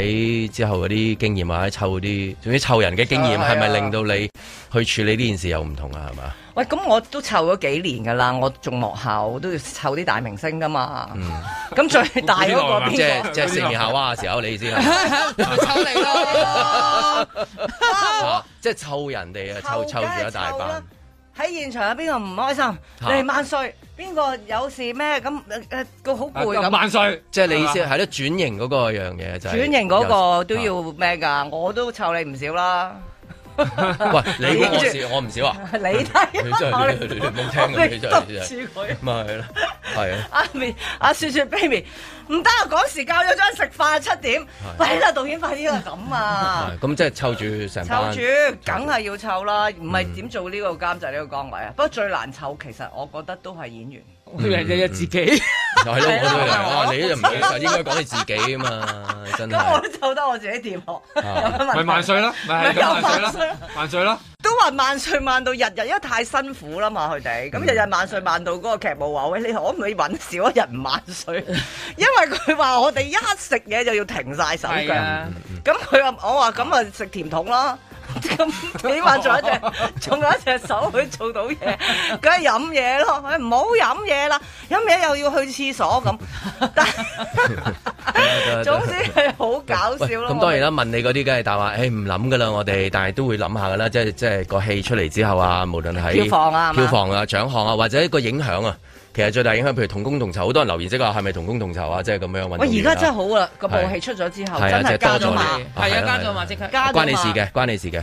之後嗰啲經驗或者，湊嗰啲，總之湊人嘅經驗係咪、啊、令到你去處理呢件事又唔同啊？係嘛？喂，咁我都湊咗幾年㗎啦，我仲幕後都要湊啲大明星㗎嘛。嗯，咁最大嗰個邊個？ *laughs* 即係即係盛夏娃嘅時候，你先啦，湊你咯。即係湊人哋啊，湊湊住一大班。喺現場有邊個唔開心？你萬歲！邊個有事咩？咁誒誒，佢好攰咁。萬歲，即係你意思係咯？轉型嗰個一樣嘢就轉型嗰個都要咩㗎？我都湊你唔少啦。喂，你我少，我唔少啊。你睇、 *laughs* *laughs* *laughs* *laughs* 啊啊，我冇聽過，你真係，真佢咪係咯，係啊。阿咪，阿雪雪，baby，唔得啊！趕時間咗，仲食飯七點，喂啦導演，快啲啦咁啊！咁、嗯、即係湊住成湊住，梗係要湊啦。唔係點做呢個監製呢個崗位啊、嗯？不過最難湊，其實我覺得都係演員。都日日自己，就係咯，我都你咧唔應該講你自己啊嘛，真係。咁我都走得我自己掂，咪、啊、萬歲咯，又萬歲咯，萬歲咯。都話萬歲萬到日日，因為太辛苦啦嘛，佢哋。咁日日萬歲萬到嗰個劇務話，喂，你可唔可以揾少一日萬歲？因為佢話我哋一食嘢就要停晒手腳。咁佢話我話咁啊，食甜筒咯。咁你話仲有一隻，仲有一隻手去做到嘢，梗係飲嘢咯。唔好飲嘢啦，飲嘢又要去廁所咁但係，總之係好搞笑咯。咁當然啦，問你嗰啲梗係大話，誒唔諗噶啦，我哋，但係都會諗下噶啦，即係即係個戲出嚟之後啊，無論係票房啊、票房啊、獎項啊，或者個影響啊。其實最大影響，譬如同工同酬，好多人留言即係話，係咪同工同酬啊？即係咁樣揾錢喂，而家，啊，真係好啦，個部戲出咗之後，真係加咗碼，係啊，加咗碼即係加。關你事嘅，關你事嘅。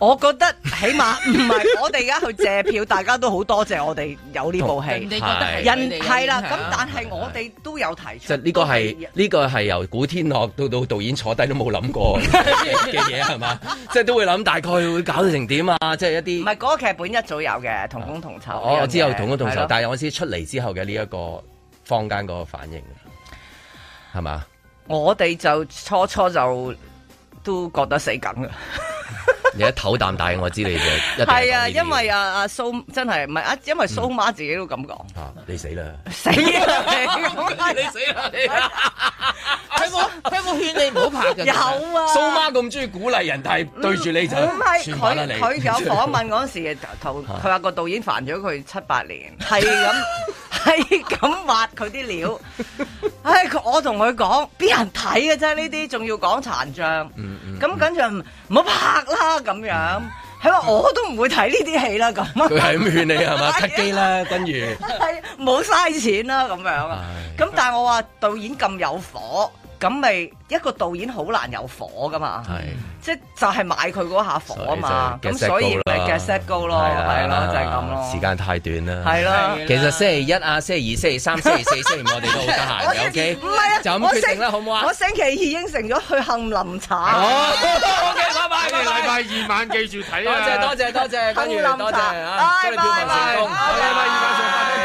我覺得起碼唔係我哋而家去借票， *laughs* 大家都好多謝我哋有呢部戲。人 *laughs* 哋覺得係人係啦，咁但係我哋都有提出。呢、就是、個係呢、呢個係由古天樂到到導演坐低都冇諗過嘅嘢係嘛？即 *laughs* 係、就是、都會諗大概會搞到成點啊！即、就、係、是、一啲唔係嗰個劇本一早有嘅，同工同酬。 *laughs* 我知有同工同酬，但係我先出嚟之後嘅呢一個坊間嗰個反應，係嘛？我哋就初初就都覺得死梗啦。 *laughs* 你一唞啖大，我知你嘅。係啊，因為啊啊蘇真係唔係啊，因為蘇媽自己都咁講、嗯。啊，你死啦！死啦、啊 *laughs* 啊啊啊！你死啦！你啊！佢、啊、冇，佢、啊、冇勸你唔好拍啊有啊。蘇媽咁中意鼓勵人，但係對住你、嗯、就了。唔係佢，佢有訪問嗰時，同佢話個導演煩咗佢七八年，係咁，係咁挖佢啲料。唉、 *laughs* 哎，我同佢講，邊人睇嘅啫？呢啲仲要講殘障。嗯嗯。咁緊張，唔、嗯、好拍啦！咁樣，係話我都唔會睇呢啲戲啦。咁、啊，佢係咁勸你係嘛？cut *laughs* 機啦吧，跟住冇嘥錢啦。咁樣、啊，咁但係我話導演咁有火。咁咪一個導演好難有火噶嘛？即係就係買佢嗰下火啊嘛！咁所以咪 get set go 咯，係咯，就係咁咯。時間太短啦，係咯。其實星期一啊，星期二、星期三、星期四、星期、星期五我哋都 *laughs* 我好得閒嘅。O K，唔係啊，就咁決定啦，好唔好啊？我星期二已經應承咗去杏林茶。好，O K，拜拜。禮拜二晚記住睇啦。多謝多謝多謝。杏林茶跟住。啊、拜、拜、拜拜拜拜拜拜拜拜。